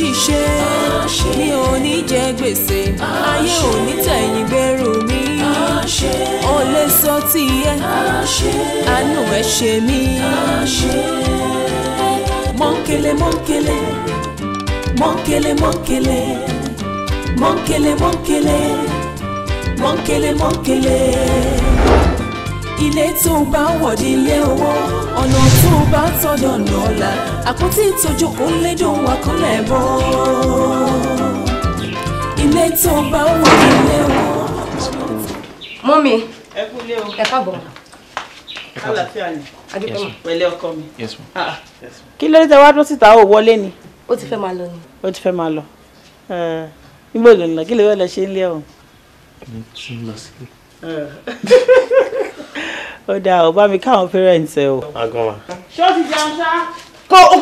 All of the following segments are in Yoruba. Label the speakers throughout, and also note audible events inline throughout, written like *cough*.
Speaker 1: ṣiṣẹ́ mi ò ní jẹ gbèsè ayé ò ní tẹ̀yìn gbèrú mi ò lè sọ tiẹ̀ àánú ẹ̀ ṣe mí. mọ́ńkélé mọ́ńkélé mọ́ńkélé mọ́ńkélé mọ́ńkélé mọ́ńkélé mọ́ńkélé mọ́ńkélé ilé tó bá wọ̀dí ilé owó ọ̀nà tó bá tọ́jọ́ lọ́la àpótí ìtọ́jú kò lẹ́jọ́ wà kán lẹ́bọ̀.
Speaker 2: ilé tó bá wà nílé wọn. mọ́mi ẹ kú lé o ẹ káàbọ̀
Speaker 3: àlàáfíà ni adúpẹ́ mọ́ pẹ̀lẹ́ ah, ah. kí ló dé tẹ wá dúró síta ó wọlé ni. ó ti fẹ́ máa lọ ni. ó ti fẹ́ máa lọ nígbà ògùn lọ kí lè wọ́n lọ ṣe ń lé ọ̀hún. mi tún lọ sílé. Eh. *laughs* ó dáa ó bá mi káwọn parents ẹ o. agan wa. ṣọ́ọ̀tì jẹun ṣá. kó o.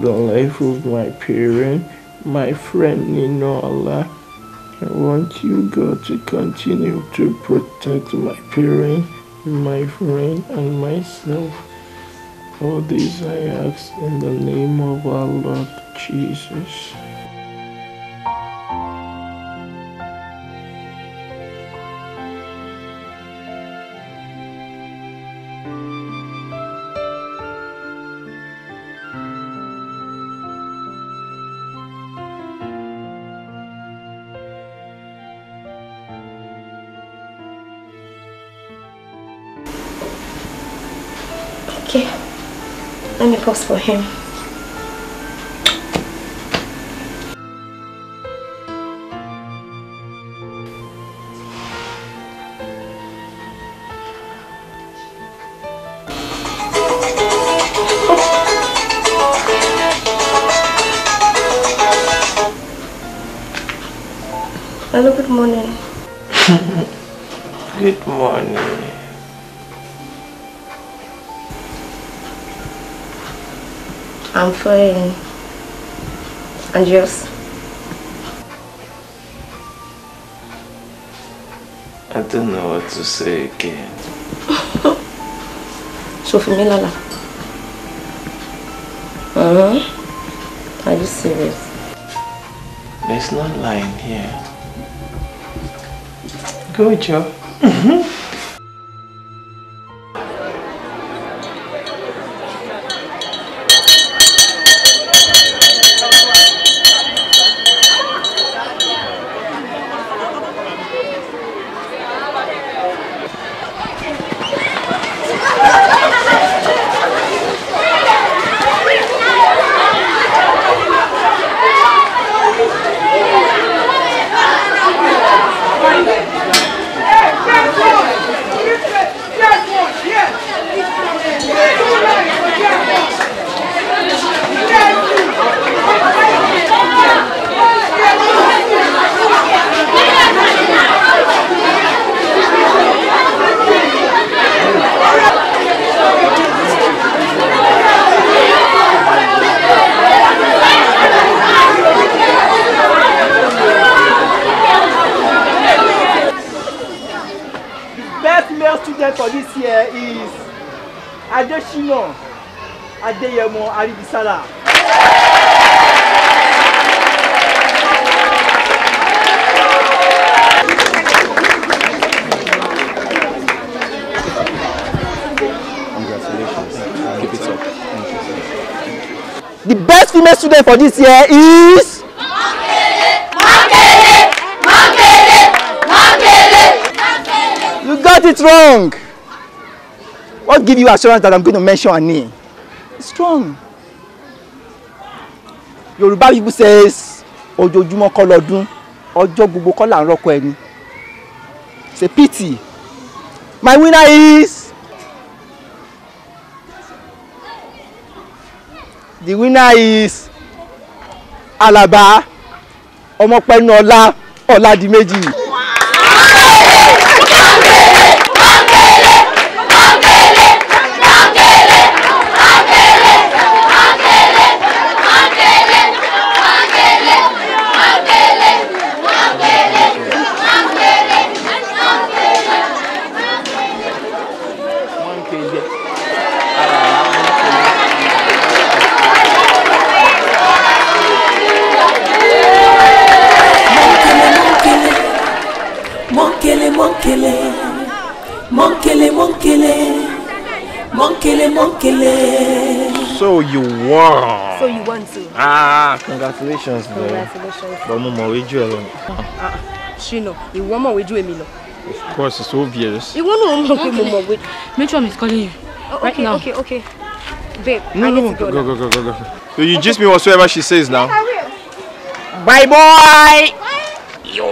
Speaker 3: the life of my parent, my friend Ninola. I want you, God, to continue to protect my parent, my friend, and myself. All this I ask in the name of our Lord Jesus.
Speaker 2: course for him. Hello, good morning.
Speaker 1: *laughs* good morning.
Speaker 2: I'm fine. And yours?
Speaker 1: I
Speaker 3: don't know what to say again. *laughs*
Speaker 2: so for me, Lala. Uh -huh. Are you serious?
Speaker 1: There's no lying here.
Speaker 3: Good job. Mm-hmm. Ṣínà Adéyẹmọ Arìbísálà. The best female student for this year is. Makele, Makele, Makele, Makele. You got it wrong what give you assurance that I'm going to mention her name? Strong. Yoruba people says, ojoojúmọ́ kọ́ lọ́dún, ọjọ́ gbogbo kọ́ It's a pity. My winner is. The winner is Alaba Omokpenola, Oladimeji. Ọládìméjì. So you won. So you won too. Ah, congratulations, bro.
Speaker 2: Congratulations.
Speaker 3: But mo mọ̀ wéjú ẹ lọ.
Speaker 2: Ṣìnà, ah, ah, ìwọ mọ̀ wéjú èmi lọ. Of
Speaker 3: course, it's obvious.
Speaker 2: Ìwọ náà mọ̀ pé mo mọ̀ wéjú. Matron is calling you.
Speaker 3: Oh, okay, now. okay,
Speaker 2: okay. Babe,
Speaker 3: no, I need no, to go. Go, go, go, go, go. So you okay. just mean whatsoever she says now. Yes, I
Speaker 2: will. Bye, boy.
Speaker 3: Bye. Yo.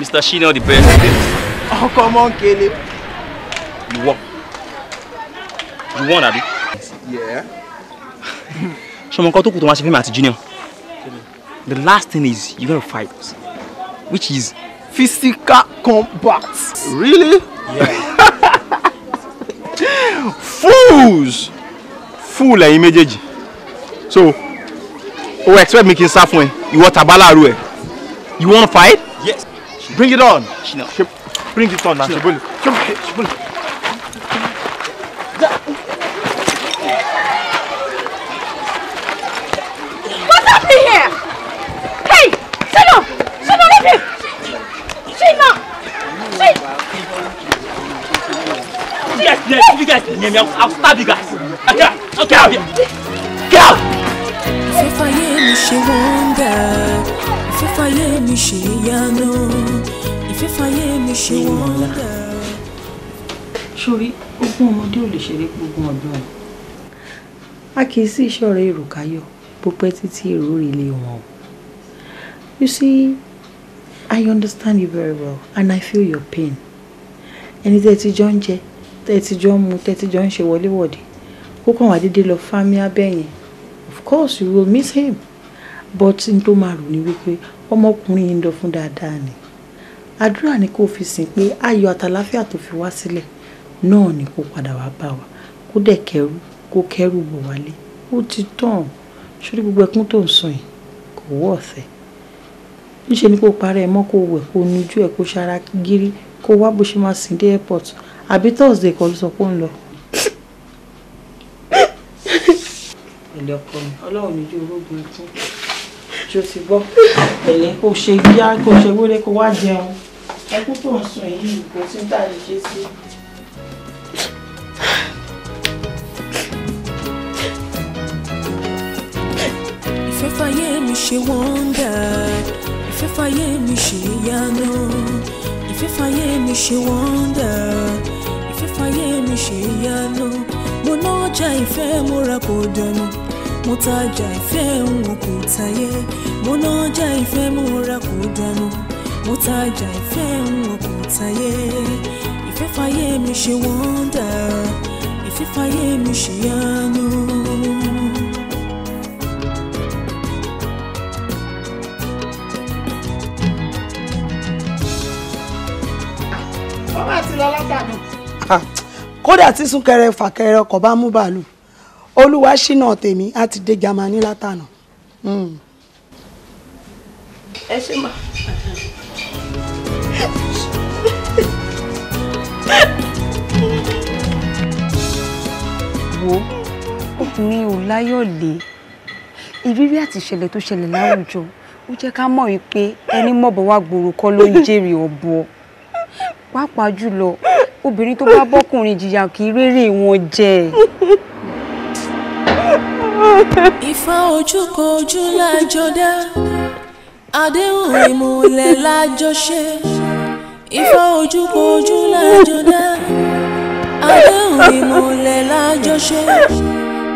Speaker 3: Mr. Shino the best come, ọmọ ń kele. ìwọ ìwọ nàbí. ṣọmọ nǹkan tó kù to máa ṣe fíìmù àti junior the last thing is you gonna fight which is physical combat. really. Yeah. *laughs* fools fool ẹ̀yin méjèèjì so o expect making kí n sá fún ẹ ìwọ tàbá láàárọ̀ ẹ fight. yes. Bring it on. She, no. she, Bring it on now, Shibuli. Shibuli, Shibuli.
Speaker 2: What's happening here? Hey, shut up, shut up, leave me, Sit down.
Speaker 3: Sit.
Speaker 1: Yes, yes, you guys, name I'll,
Speaker 3: stab you guys. Okay, okay, I'll be. Get out.
Speaker 1: Fífayé mi ṣe wọ́ndà, fífayé mi ṣe yánú fífàyè mi ṣe wọ́n dà. sori ogún ọmọdé ò lè ṣeré
Speaker 2: gbogbo ọdún
Speaker 3: ọ. a kì í sí ìṣọ̀rẹ́ èrò káyọ̀ bó pẹ́ títí èrò rè lè wọ̀n. you see i understand you very well and i feel your pain. ẹni tẹ́ ti jọ ń jẹ tẹ́ ti jọ ń mu tẹ́ ti jọ ń ṣe wọléwọ̀de kó kàn wá déédéé lọ fámí abẹ́yẹn of course you will miss him but n tó máa rò ní wípé ọmọkùnrin yìí ń lọ fún dáadáa ni àdúrà ni kó o fi sìn pé ayọ̀ àtàláfíà tó fi wá sílẹ̀ náà ni kó padà wá bá wa kó dẹ̀ kẹrù kó kẹrù bọ̀ wálé ó ti tàn sórí gbogbo ẹkún tó ń sùn yìí kò wọ́ ọ̀sẹ̀ níṣẹ́ ni kó parẹ́ ẹ mọ́ kó wẹ̀ kó nujú ẹ̀ kó ṣara gírí kó wá bó ṣe máa sìn dé airport àbí thursday kan ló sọ pé ó ń lọ.
Speaker 1: ẹ̀lẹ́kọ̀ọ́ ọlọ́run ní ju orógun ẹ̀kún
Speaker 3: ṣó ti gbọ́ pẹ̀lẹ́ kó ṣe yá kó ṣe wéré kó wá jẹun ẹkú tó ń sùn yìí kò tí ń tà lè ṣe sí. ìfẹ́ fàyè
Speaker 1: mi ṣe wọ́ndà ìfẹ́ mi ṣe yáná ìfẹ́ mi ṣe wọ́ndà ìfẹ́ mi ṣe yáná mo náà já ìfẹ́ mo ra kò dẹnu mo tajà ìfẹ́ òun kò tayé mo nájà ìfẹ́ mo ra kò dànù mo tajà ìfẹ́ òun kò tayé ìfẹ́ fàyè mi ṣe wọ́ndà ìfẹ́ fàyè mi ṣe yánu.
Speaker 3: Ah, kódà tí súnkẹrẹ fàkẹrẹ ọkọ̀ bá mú bàálù olúwa ṣínà tèmi á ti dé Jámánì látànà. Hmm. ẹ ṣe mà.
Speaker 2: wo ọkùnrin ò láyọ̀ lé ìrírí àti ìṣẹ̀lẹ̀ tó ṣẹlẹ̀ láwùjọ ó jẹ́ ká mọ̀ wípé ẹni mọ̀bọ̀ wá gbòòrò kọ́ ló ń jèrè ọ̀bọ pàápàá jùlọ obìnrin tó bá bọ́kùnrin jìyà kì í rérè wọn jẹ.
Speaker 1: Ifá ojúkojú lájọ dá, àdéhùn ìmùlẹ̀ lájọ ṣe. Ifá ojúkojú lájọ dá, àdéhùn ìmùlẹ̀
Speaker 3: lájọ ṣe.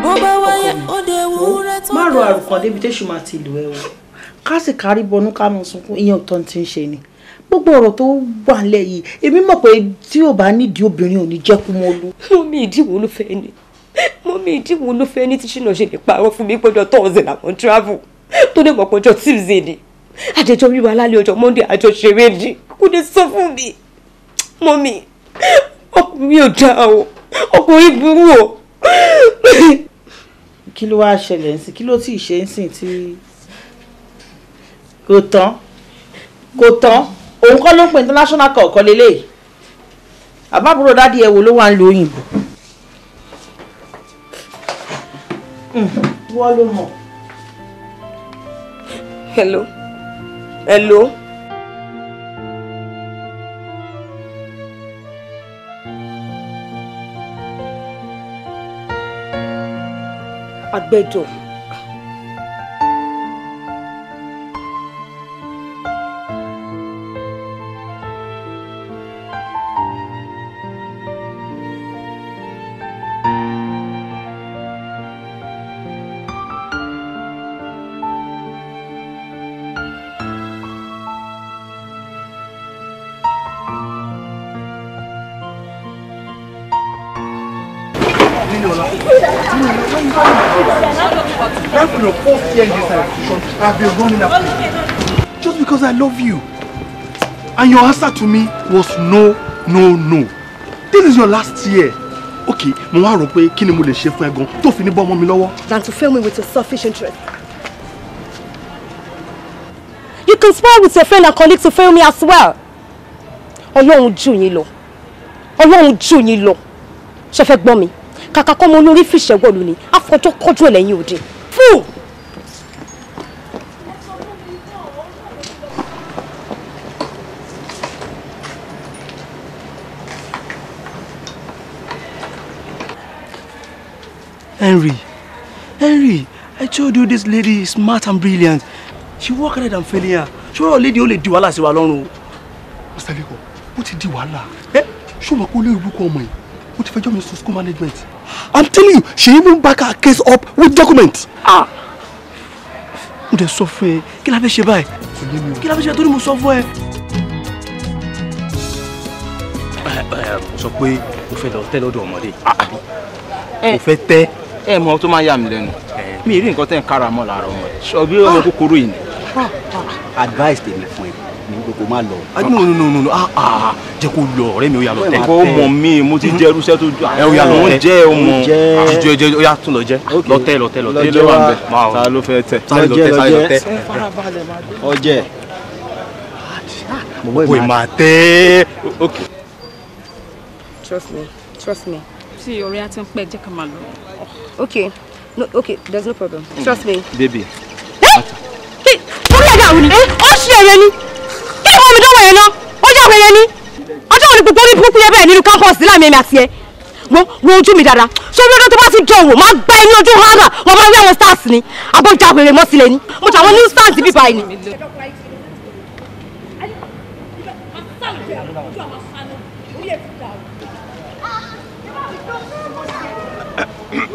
Speaker 3: Bó bá wáyé òde wúrẹ́ tó. Má ro àròkàn débi tẹ́sù máa ti lù ẹ́ o. Ká sì kárí bọnú kánú sunkún ìyẹn ò tán ti ń ṣe ni gbogbo ọ̀rọ̀ tó wà lẹ́yìn èmi mọ̀ pé tí ò bá nídìí obìnrin ò ní jẹ́ kú mọ́ lu. omi ìdíwọ́ ló fẹ́ ni
Speaker 2: mọ́mí ìdí wo ló fẹ́ ní tí ṣìnà ṣe lè parọ́ fún mi pẹ́jọ tọ́ọ̀sẹ̀ làwọn travel tó dé pọ̀pọ̀ ọjọ́ tuesday ni àjẹjọ wíwá lálẹ́ ọjọ́ monday àjọ ṣeré ni kò dé sọ fún mi
Speaker 3: mọ́mí ọkùnrin ò dáa o ọkùnrin burú o. kí ló wáá ṣẹlẹ̀ ń sìn kí ló tí ì ṣe ń sìn tí kò tán kò tán òun kọ́ ló ń pè international kọ̀ọ̀kan lélẹ̀ àbábúrò dádìí ẹ̀ wò ló wà ń lo òyìnbó. wọ́n ló mọ̀. hello hello. agbẹjọ́. I've been running after. Just because I love you. And your answer to me was no, no, no. This is your last year. Okay, mo wá rò mule kí ni Tofini lè ṣe fún ẹ
Speaker 2: Than to fail me with your selfish interest. You conspire with your friend and colleague to fail me as well. Ọlọ́run jù yín lo. Ọlọ́run jù yín lo. Ṣé fẹ́ gbọ́ mi? Kàkà kọ́ mo lórí fìṣẹ́wọ́lù ni. Àfọjọ́ kọjú ẹ̀ lẹ́yìn òde.
Speaker 3: Henry, Henry, I told you this lady is smart and brilliant. She work harder than failure. She sure, lady ó lè di wàhálà sí wa lọ́rùn o. Mr. Leko, ó ti di wàhálà. Ẹ ṣùgbọ́n kó lè rúkọ ọmọ yìí, ó ti fẹjọ́ mi school management. I'm telling you, she even back her case up with documents. Ah! Mo dẹ̀ sọ fún ẹ, kí la fẹ́ ṣe báyìí? Kí la fẹ́ ṣe torí mo sọ fún ẹ? Mo sọ pé mo fẹ́ lọ tẹ́ lọ́dọ̀ ọmọdé. Mo ah! eh. fẹ́ ẹ mọ tó máa ń yà mí lẹ́nu mi rí nǹkan tẹ́ ń kára mọ́ lára ọmọ ẹ̀ ṣọ bí ọmọ kúkúrú yìí ni. advice tèmi fún ẹ ní gbogbo má lọ. Ah, no no no no ah ah jẹ kó lọ ọ̀rẹ́ mi ó yà lọ tẹ. ó mọ mi mo ti jẹ irúṣẹ́ tó jọ ẹ ó yà lọ tẹ ah, jẹ ó mọ àjọ ẹjẹ ó yà tún lọ jẹ lọ tẹ lọ tẹ lọ tẹ lọ wà ń bẹ ta ló fẹ́ tẹ ta ló tẹ ta ló tẹ ọjẹ bó ìmà tẹ.
Speaker 2: trust me trust me tí orin á ti ń pẹ́ jẹ́ ká máa lọ okay no okay there's no problem trust me. baby. Hey, orí ẹ̀dá àwọn ni ó ṣí ẹ̀yẹ ni kí ni wọ́n mi dánwò yẹn náà ó yàwó ẹ̀yẹ ni ọjọ́ òní gbogbo ní burúkú yẹn bẹ́ẹ̀ nínú kámpọ̀sì láàmì èmi àti ẹ̀ wo wo ojú mi dáadáa ṣé orí ọdún tó bá ti jọ wò máa gbá ẹni ojú hánà wọn máa ń rí àwọn stars ni àbọ̀jà wèrè mọ́sílẹ̀ ni mo tàwọn new stars bíbá yìí ni.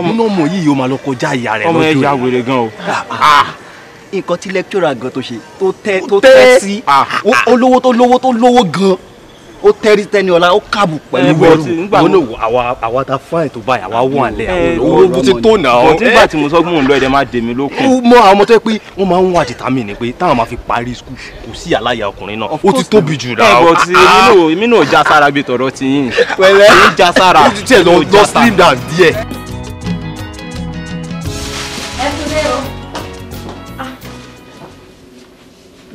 Speaker 3: nínú ọmọ yìí yóò máa lọ kọjá ìyá rẹ lójú rẹ ọmọ ẹ ya wèrè gan o. Ah, ah. Ah. nǹkan tí lẹ́kítọ́rà gan tó ṣe tó tẹ́ tó tẹ́ sí olówó tó lówó tó lówó gan ó tẹ́rí tẹ́ni ọ̀la ó kàbù pẹ̀lú bọ́ọ̀lù wọn ni àwa àwa ta fáìn tó báyìí àwa wọ̀ àlẹ́ àwọn eh, olówó ti tó nà ọ́. nígbà eh. tí mo sọ fún un lọ ẹ̀dẹ̀ máa dè mí lókun. ó àwọn ọmọ tó yẹ pé wọ́n máa ń wà dìtàmì ni pé táwọn máa fi parí skul kò sí àláyà ọkùnrin náà ó ti tóbi jù náà. ẹ̀bọ̀ eh, tí náà já sára gbé tọ̀rọ̀ ti yín. pẹ̀lẹ́ èmi já sára. ó ti tiẹ̀ lọ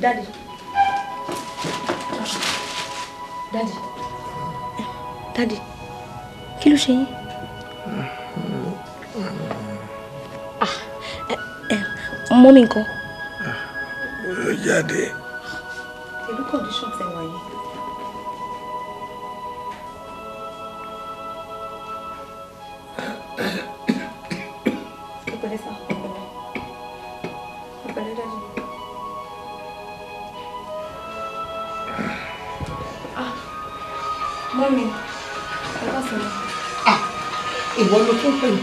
Speaker 2: Daddy. Daddy. Daddy. Kí ló ṣe yín? Mọ́mí nǹkan. Ó
Speaker 3: jáde. Pẹ̀lú condition tẹ̀wọ̀n. ìwọ ló tún pè mí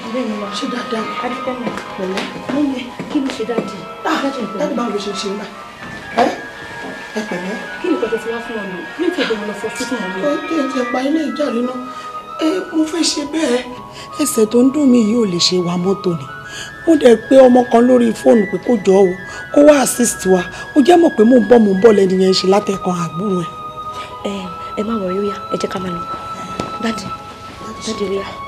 Speaker 3: ṣé dáadáa
Speaker 1: adúpẹ́ mọ̀ pẹ̀lẹ́ mú mi kí ló ṣe dáàdì ah, dáàdì báwo ló ṣe ṣe náà ẹ
Speaker 3: ẹ pẹ̀lẹ́. kí ni pẹ̀tẹ́ ti wá fún ọ̀nà ní ìfẹ́ ìdánwò lọ fọ́ fún ọ̀nà. ó dé ti pa ilé ìjà nínú ẹ mo fẹ́ ṣe bẹ́ẹ̀. ẹsẹ̀ tó ń dùn mí yìí ò lè ṣe wa mọ́tò ni mo dẹ̀ pé ọmọ kan lórí fóònù pé kó jọ o kó wá assist wa ó jẹ́ mọ̀ pé mò ń bọ̀ mò ń bọ̀ lẹ́ni yẹn ṣe látẹ̀kan àgbúrò ẹ̀. ẹ má wọ̀ yóò yá ẹ jẹ́ ká máa lọ
Speaker 2: dáàdì dáàdì rí i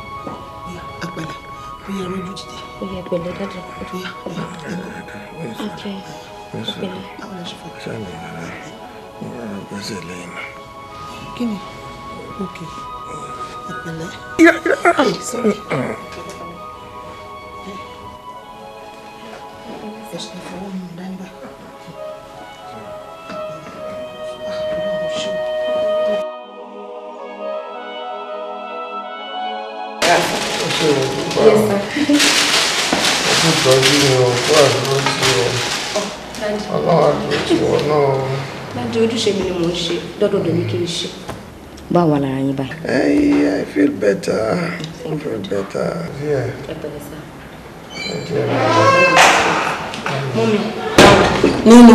Speaker 2: yẹ rojú títí. ó yẹ pẹ̀lẹ́ dáadáa ó ti yá. ok pẹ̀lẹ́. àwọn ọ̀ṣun fún
Speaker 1: mi. sani rẹ mo rọra gbẹ́sẹ̀ lẹ́yìn náà.
Speaker 2: kí ni ok
Speaker 1: ìpínlẹ̀.
Speaker 3: sorry.
Speaker 2: orí wọn fún àdúró
Speaker 1: tí wọn ọlọ́run àdúró tí
Speaker 3: wọn náà.
Speaker 2: dájú ojúṣe mi ni mò ń ṣe dọ́dọ̀dọ̀ ní kí n ṣe. báwo lára yín báyìí.
Speaker 3: ẹyí I feel better I feel better. mọ́mi. nínú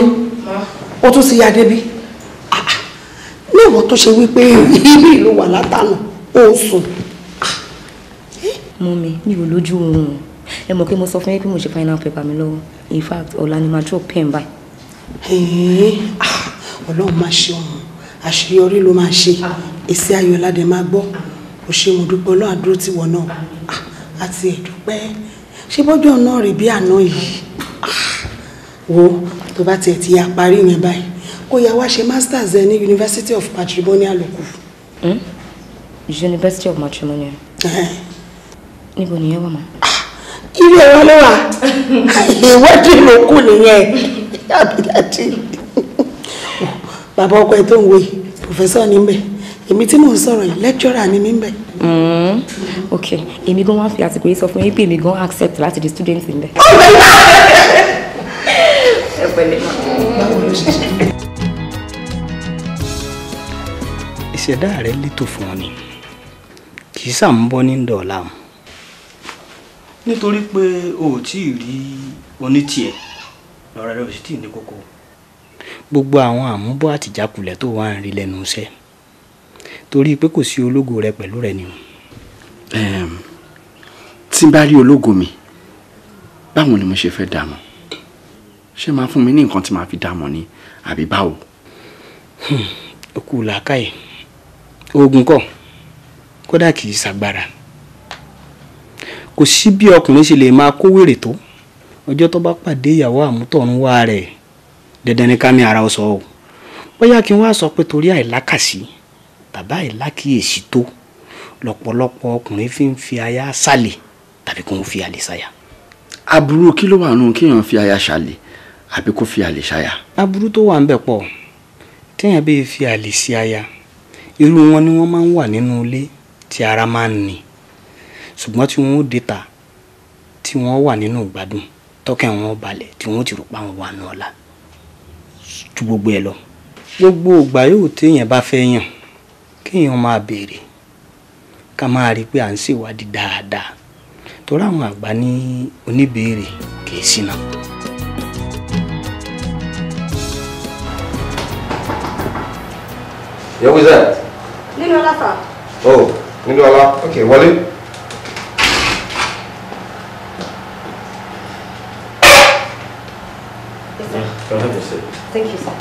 Speaker 3: ó tún ti ya débi ní ìwọ tó ṣe wípé ibi ìlú wà látànà ó sùn.
Speaker 2: mọ́mi mi ò lójú oorun o ẹ mọ̀ pé mo sọ fún yín pé mo ṣe final paper mi lọ́wọ́ in fact ọ̀la ni màá drop pen báyìí. ẹ̀ẹ́
Speaker 3: ah, ọlọ́run máa ṣe ọ̀hún àṣeyọrí ló máa ṣe ah. èsì ayọ̀ ládẹ máa gbọ́ kò ṣe mo dúpẹ́ ọlọ́run àdúró tìwọ náà àti ah, ẹ̀dúpẹ́ ṣé bọ́jọ́ náà rè bí àná yìí wo tó bá tiẹ̀ ti yà parí yẹn báyìí kó yá wá ṣe masters ẹ ní University of Matrimonial lókù. Hmm?
Speaker 2: University of Matrimonial. níbo nìyẹn wà máa irú ẹ̀rọ ló wà
Speaker 3: ìwọ́dì ló kù nìyẹn àbídájì bàbá ọkọ ẹ tó ń wé pòfẹ́sọ̀ ní mbẹ èmi tí mò ń sọ̀rọ̀ yìí lẹ́kítọ́rà ni mí mbẹ.
Speaker 2: Mm-hmm. ok èmi gan wá fi àsìkò yìí sọ fún yín pé èmi gan accept láti
Speaker 3: di student mbẹ. ẹ pẹ̀lẹ́ ìṣẹ̀dá rẹ̀ lẹ́tọ̀ fún ọ ni kì í sàmúbọ́ ní dọ̀ọ̀la mu nítorí pé o ò tí ì rí onítìẹ lọ́rọ̀ rẹ ò sì tí ì ní kókó. gbogbo àwọn àmúbọ̀ àtìjákulẹ̀ tó wà ń rí lẹ́nu iṣẹ́ torí pé kò sí ológo rẹ pẹ̀lú rẹ ni. tí bá rí ológo mi báwo ni mo ṣe fẹ́ dààmú ṣé máa fún mi ní nǹkan tí màá fi dààmú ni àbí báwo. Hmm, ó làákàyè oògùn kọ kódà kì í ṣàgbára kò sí bí ọkùnrin ṣe lè máa kó wèrè tó ọjọ́ tó bá pàdé ìyàwó àmútọ̀runwá rẹ̀ dandan ni ká mi ara sọ o bóyá kí n wá sọ pé torí àìlákàsí tàbá àìlákìyèsí tó lọ́pọ̀lọpọ̀ ọkùnrin fi ń fi aya sálẹ̀ tàbí kó ń fi àlè sáyà. aburú kí ló wà nù kéèyàn fi aya ṣàlè àbí kó fi àlè ṣàyà. aburú tó wà ń bẹ̀ pọ̀ téèyàn bẹ́ẹ̀ fi àlè sí aya irú wọn ni wọ́n máa ń wà nínú ilé tí ara máa ń ni ṣùgbọ́n tí wọ́n ó dé ta tí wọ́n wà nínú ìgbádùn tọ́kẹ́ wọn balẹ̀ tí wọ́n ti rò pa wọn wà ní ọ̀la ju gbogbo ẹ lọ gbogbo ìgbà yóò téèyàn bá fẹ́ yàn kéèyàn máa béèrè ká máa rí i pé à ń ṣèwádìí dáadáa torí àwọn àgbà ní oníbèèrè kì í ṣìnà. Yeah, who is that? Ninola, sir. Oh, Ninola. Okay, Wale. Go have a seat. Thank you, sir.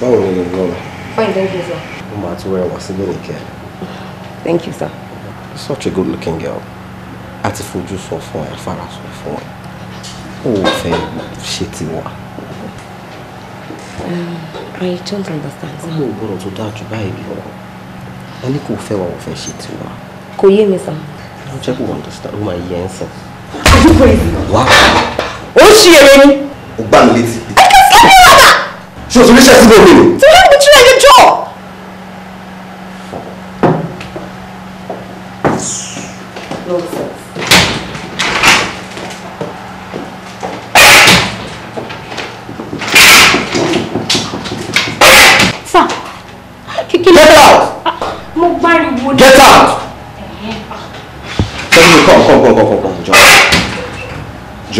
Speaker 2: báwo ni ìlú náà. fine thank you sir.
Speaker 3: mo máa ti wẹ́rẹ̀ wá sílé nìkẹ́. thank you sir. You're such a good looking girl. a ti fojú sọ fún ẹ fara sọ fún ẹ ó fẹ́ ṣe tiwa.
Speaker 2: Um, I don't understand.
Speaker 3: ọmọ ògbọ́dọ̀ tó dáa jù báyìí lọ ẹni kò fẹ́ wa ò fẹ́ ṣe tiwa kò yé mi sàn. ló jẹ́ kó wọ́n tó sọ̀rọ̀ máa yẹ ẹ́ sìn. àdúgbò ìlú. wá. ó ń ṣe èrè ni. ó gbà mí létí. ṣé o ti ríṣẹ́ síbò mi?
Speaker 1: tí wọ́n mú tíra ẹjọ́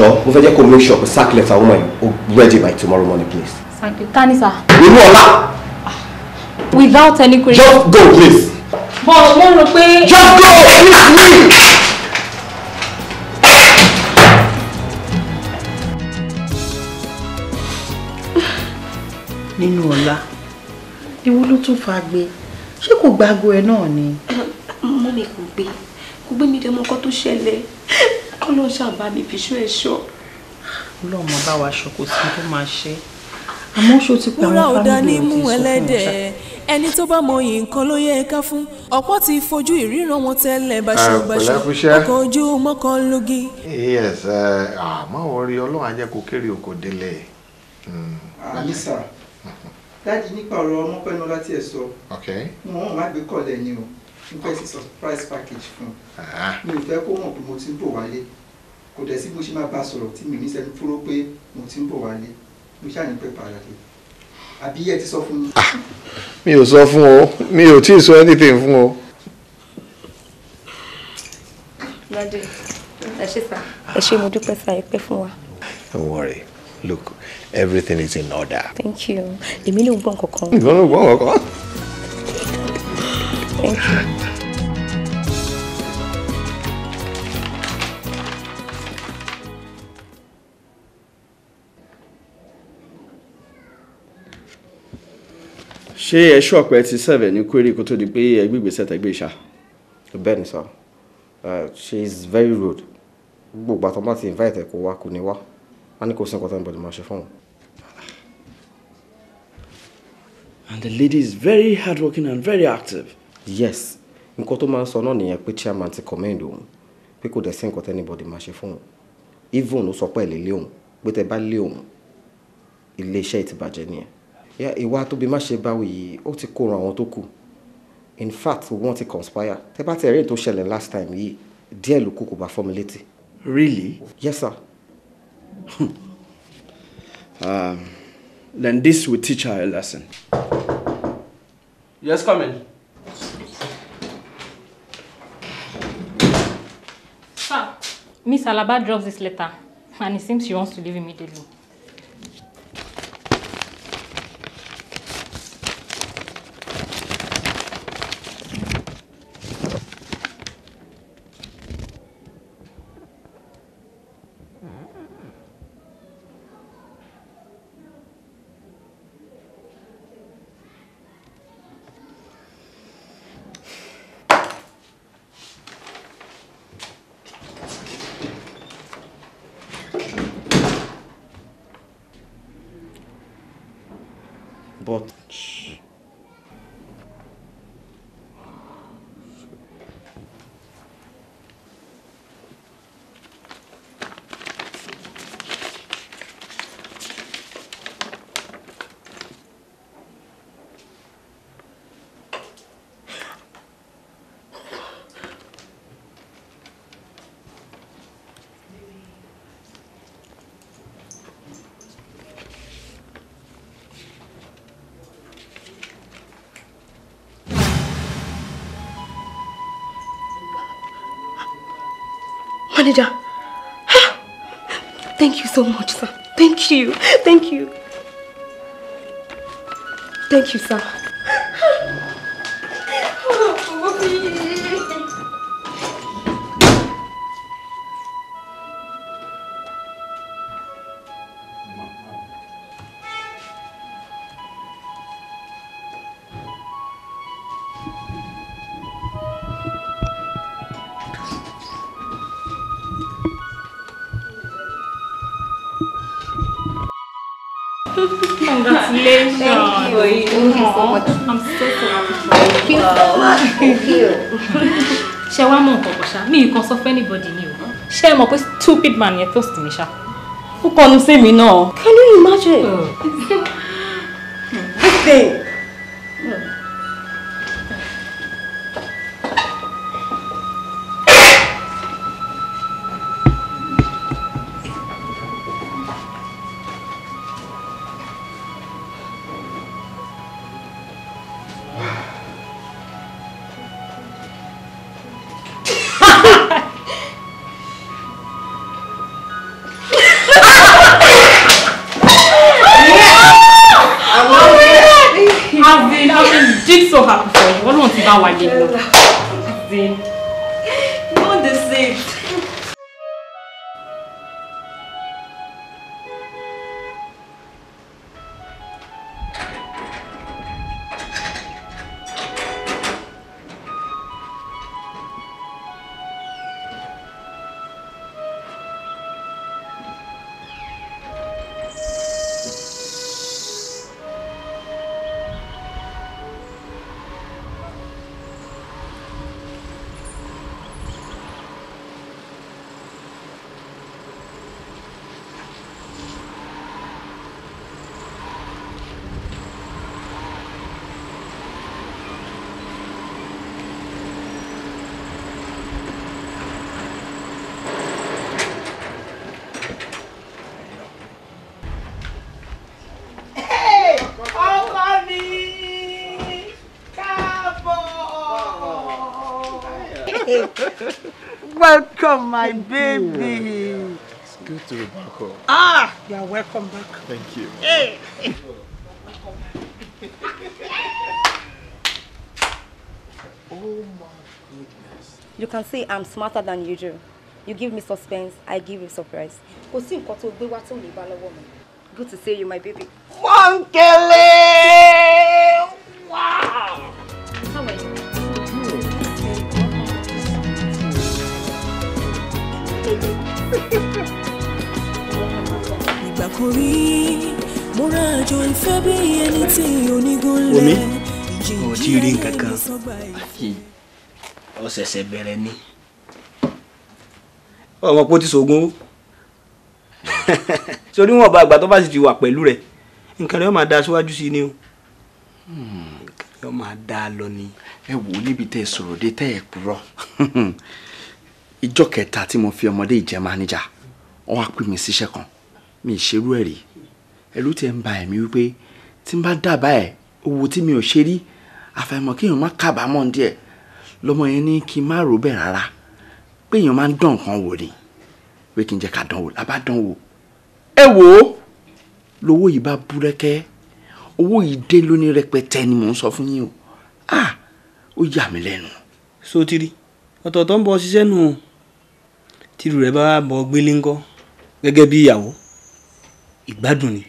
Speaker 3: jọ mo fẹ́ jẹ́ kó make sure sack letter woman o ready by tomorrow morning please.
Speaker 2: thank you tani sir. inú ọ̀la. without any query.
Speaker 3: just go please.
Speaker 2: bọ́ọ̀ mo rò pé. just go please leave.
Speaker 3: nínú ọ̀la ewu ló tún fa gbé ṣé kò gbàgbọ́ ẹ náà ni.
Speaker 2: mọ́mí kò gbé kò gbé mi dé ọmọ kan tó ṣẹlẹ̀ kọ́lọ́ ṣàbá mi fi ṣó ẹ ṣọ́.
Speaker 3: ọlọ́mọ bá wa ṣọkọ sí tó máa ṣe àmọ́ ṣó ti pa àwọn fámìlì rẹ̀ ti sọ fún ọ
Speaker 2: ẹni tó bá
Speaker 1: mọyì nǹkan ló yẹ ká fún ọ̀pọ̀ ti fojú ìríran wọn tẹ́lẹ̀ báṣubàṣu ah, ọkọ̀
Speaker 3: ojú mọ́kàn yes àmọ́ eh, ah, orí ọlọ́run ajẹ́ kó kéré oko délẹ̀. alisa hmm. hmm. dájú nípa ọ̀rọ̀ ọmọpẹ́nu láti ẹ̀ sọ wọn ò gbé kọ̀lẹ̀ ni o mo fẹ́ sí surprise package fún ah. mi ò fẹ́ kó mọ̀ pé mo ti ń bọ̀ wálé kò dẹ̀ sí bó ṣe máa bá sọ̀rọ̀ tí mi ní sẹ́ni fúró pé mo ti ń bọ̀ wálé mo ṣáà ní pẹ́ àbí ẹ ti sọ fún mi. mi ò sọ fún ọ mi ò tí ì sọ anything fún ọ.
Speaker 2: lọ́dẹ ẹ ṣe sá ẹ ṣe mo dúpẹ́ sá ẹ pẹ́ fún wa.
Speaker 3: don't worry look everything is in order.
Speaker 2: thank you èmi ní ò gbọ́ nǹkan kan. ìgbọ́n
Speaker 3: ò gbọ́ nǹkan kan. Thank you. ṣé ẹ ṣọ́ọ̀pẹ́ ti sẹ̀vẹ̀ ní kwérì kó tó di pé ẹ gbé ìgbésẹ̀ tẹ́gbé ìṣá. bẹ́ẹ̀ ni sir she is very rude gbogbo àtọ́ bá ti invite ẹ̀ kó wá kò ní wá a ní kò sí nǹkan tó ń bọ̀dọ̀ máa ṣe fún wọn. and the lady is very hardworking and very active yes nǹkan tó máa ń sọ náà nìyẹn pé chairman ti commend òun pé kò dẹ̀ sí nǹkan tẹ́nibọ́dì máa ṣe fún òun even ó sọ pé ẹ̀ lè lé òun pé tẹ́ bá lé òun ilé iṣẹ́ ìtìbàjẹ́ nìyẹn ìwà tóbi má ṣe báwo yìí ó ti kó ran àwọn tó kù in fact wọ́n ti conspire tẹ́ bá tẹ̀ rí èyí tó ṣẹlẹ̀ last time yìí díẹ̀ ló kù kò bá fọ́ létí. really yes sir. Hmm. um, then this will teach her a lesson. yes come in.
Speaker 2: Miss Alaba drops this letter and it seems she wants to leave immediately. Thank you so much, sir. Thank you. Thank you. Thank you, sir. Thank you so much. I'm so sorry. Thank you so much. Thank you. Ṣé wá mọ̀ nǹkan kan ṣá? Mi ì kan sọ fún anybody ni o. Ṣé ẹ pé stupid man yẹn toast mi ṣá? Ó kọnu sí mi náà. Can you imagine? Hmm. This thing.
Speaker 3: welcome, my Thank baby. You.
Speaker 1: It's good to be back home.
Speaker 3: Ah, you are welcome back. Thank you. Hey.
Speaker 2: oh my goodness. You can see I'm smarter than you do. You give me suspense, I give you surprise. Good to see you, my baby. Monkey. Wow!
Speaker 1: ìgbà kan rí mo rán àjò ìfẹ́ bí ẹni tí onígun lẹ̀. omi
Speaker 3: ò tí ì rí nǹkan kan ó ṣẹ̀ṣẹ̀ bẹ̀rẹ̀ ni ọmọ pọ́ ti sògùn ó sórí *laughs* wọn bá àgbà tó bá sì ti wà pẹ̀lú rẹ̀ nǹkan rẹ̀ ó máa da síwájú sí ni o hmm. nǹkan rẹ̀ ó máa da lọ ni. ẹ wò níbi tẹ sọ̀rọ̀ dé tẹ ẹ purọ́ *laughs* ìjọ kẹta tí mo fi ọmọdé ìjẹ máníjà wọn wá pè mí síṣẹ́ kan mi ì ṣerú ẹ̀ rí ẹ̀rù tiẹ̀ ń ba ẹ̀mí wípé tí n bá dábàá ẹ̀ owó tí mi ò ṣe rí àfàìmọ̀ kéèyàn má kábàámọ̀ díẹ̀ lọ́mọ yẹn ní kí n má rò bẹ́ẹ̀ rárá pé èèyàn máa ń dán nǹkan wò ni pé kí n jẹ́ ká dán wò lábá dán wò ẹ wò ó lówó yìí bá búrẹ́kẹ́ owó yìí dé lóní rẹpẹtẹ ni mò ń sọ fún yín o ah ó yà mí lẹ́nu. sotiri ọ̀tọ̀ọ̀tọ̀ ń bọ̀ ṣiṣẹ́ nù tírú rẹ bá bọ gbélé ńkọ́ gẹ́gẹ́ bí ìyàwó ìgbádùn ni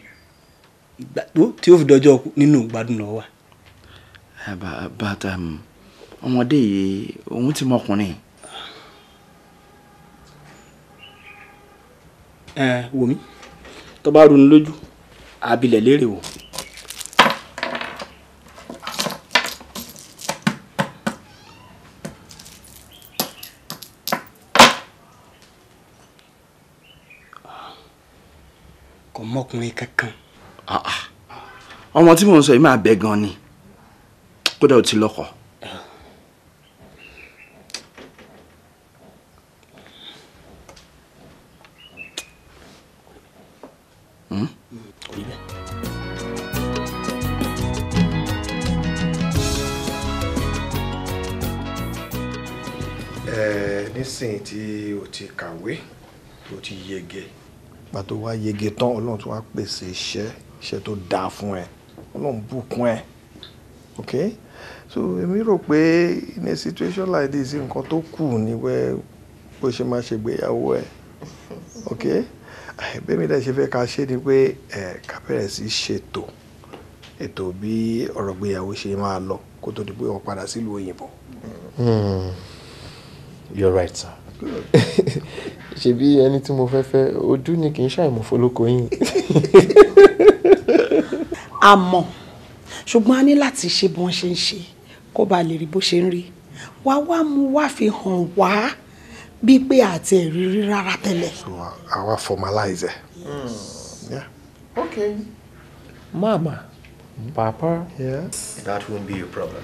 Speaker 3: ìgbàdó tí ó fi dọjọ́ nínú ìgbádùn lọ wà. Ah, but um, ọmọdé yìí òun ti mọkùnrin. ẹ eh, wò mí tó bá lójú àbílẹ̀ léèrè wò. mọkùnrin kankan. Ah, ah. ọmọ tí mò ń sọ yìí máa bẹ gan ni kódà ó ti lọ́kọ. wá yege tán ọlọ́run tó wá pèsè iṣẹ́ iṣẹ́ tó dáa fún ẹ ọlọ́run bùkún ẹ ok so èmi rò pé in a situation like this nǹkan tó kù ni wẹ́ bó ṣe máa ṣe gbéyàwó ẹ ok bẹ́ẹ̀ mi dẹ̀ ṣe fẹ́ ká ṣe ni pé ẹ ká bẹ̀rẹ̀ sí ṣètò ètò bí ọ̀rọ̀ gbéyàwó ṣe máa lọ kó tó di pé wọ́n padà sílùú òyìnbó. Hmm. you're right sir ṣebí ẹni tí mo fẹ́ fẹ́ ojú ni kì í ṣàìmọ̀ fọlọ́kọ yín. àmọ́ ṣùgbọ́n a ní láti ṣe bí wọ́n ṣe ń ṣe kó ba lè rí bó ṣe ń rí wá wá mú wá fi hàn wá bíi pé àti ẹ̀rí rí rárá tẹ́lẹ̀. àwa formalize. Mm. Yeah. okay. mama. Papa? Yeah? That won't be a problem.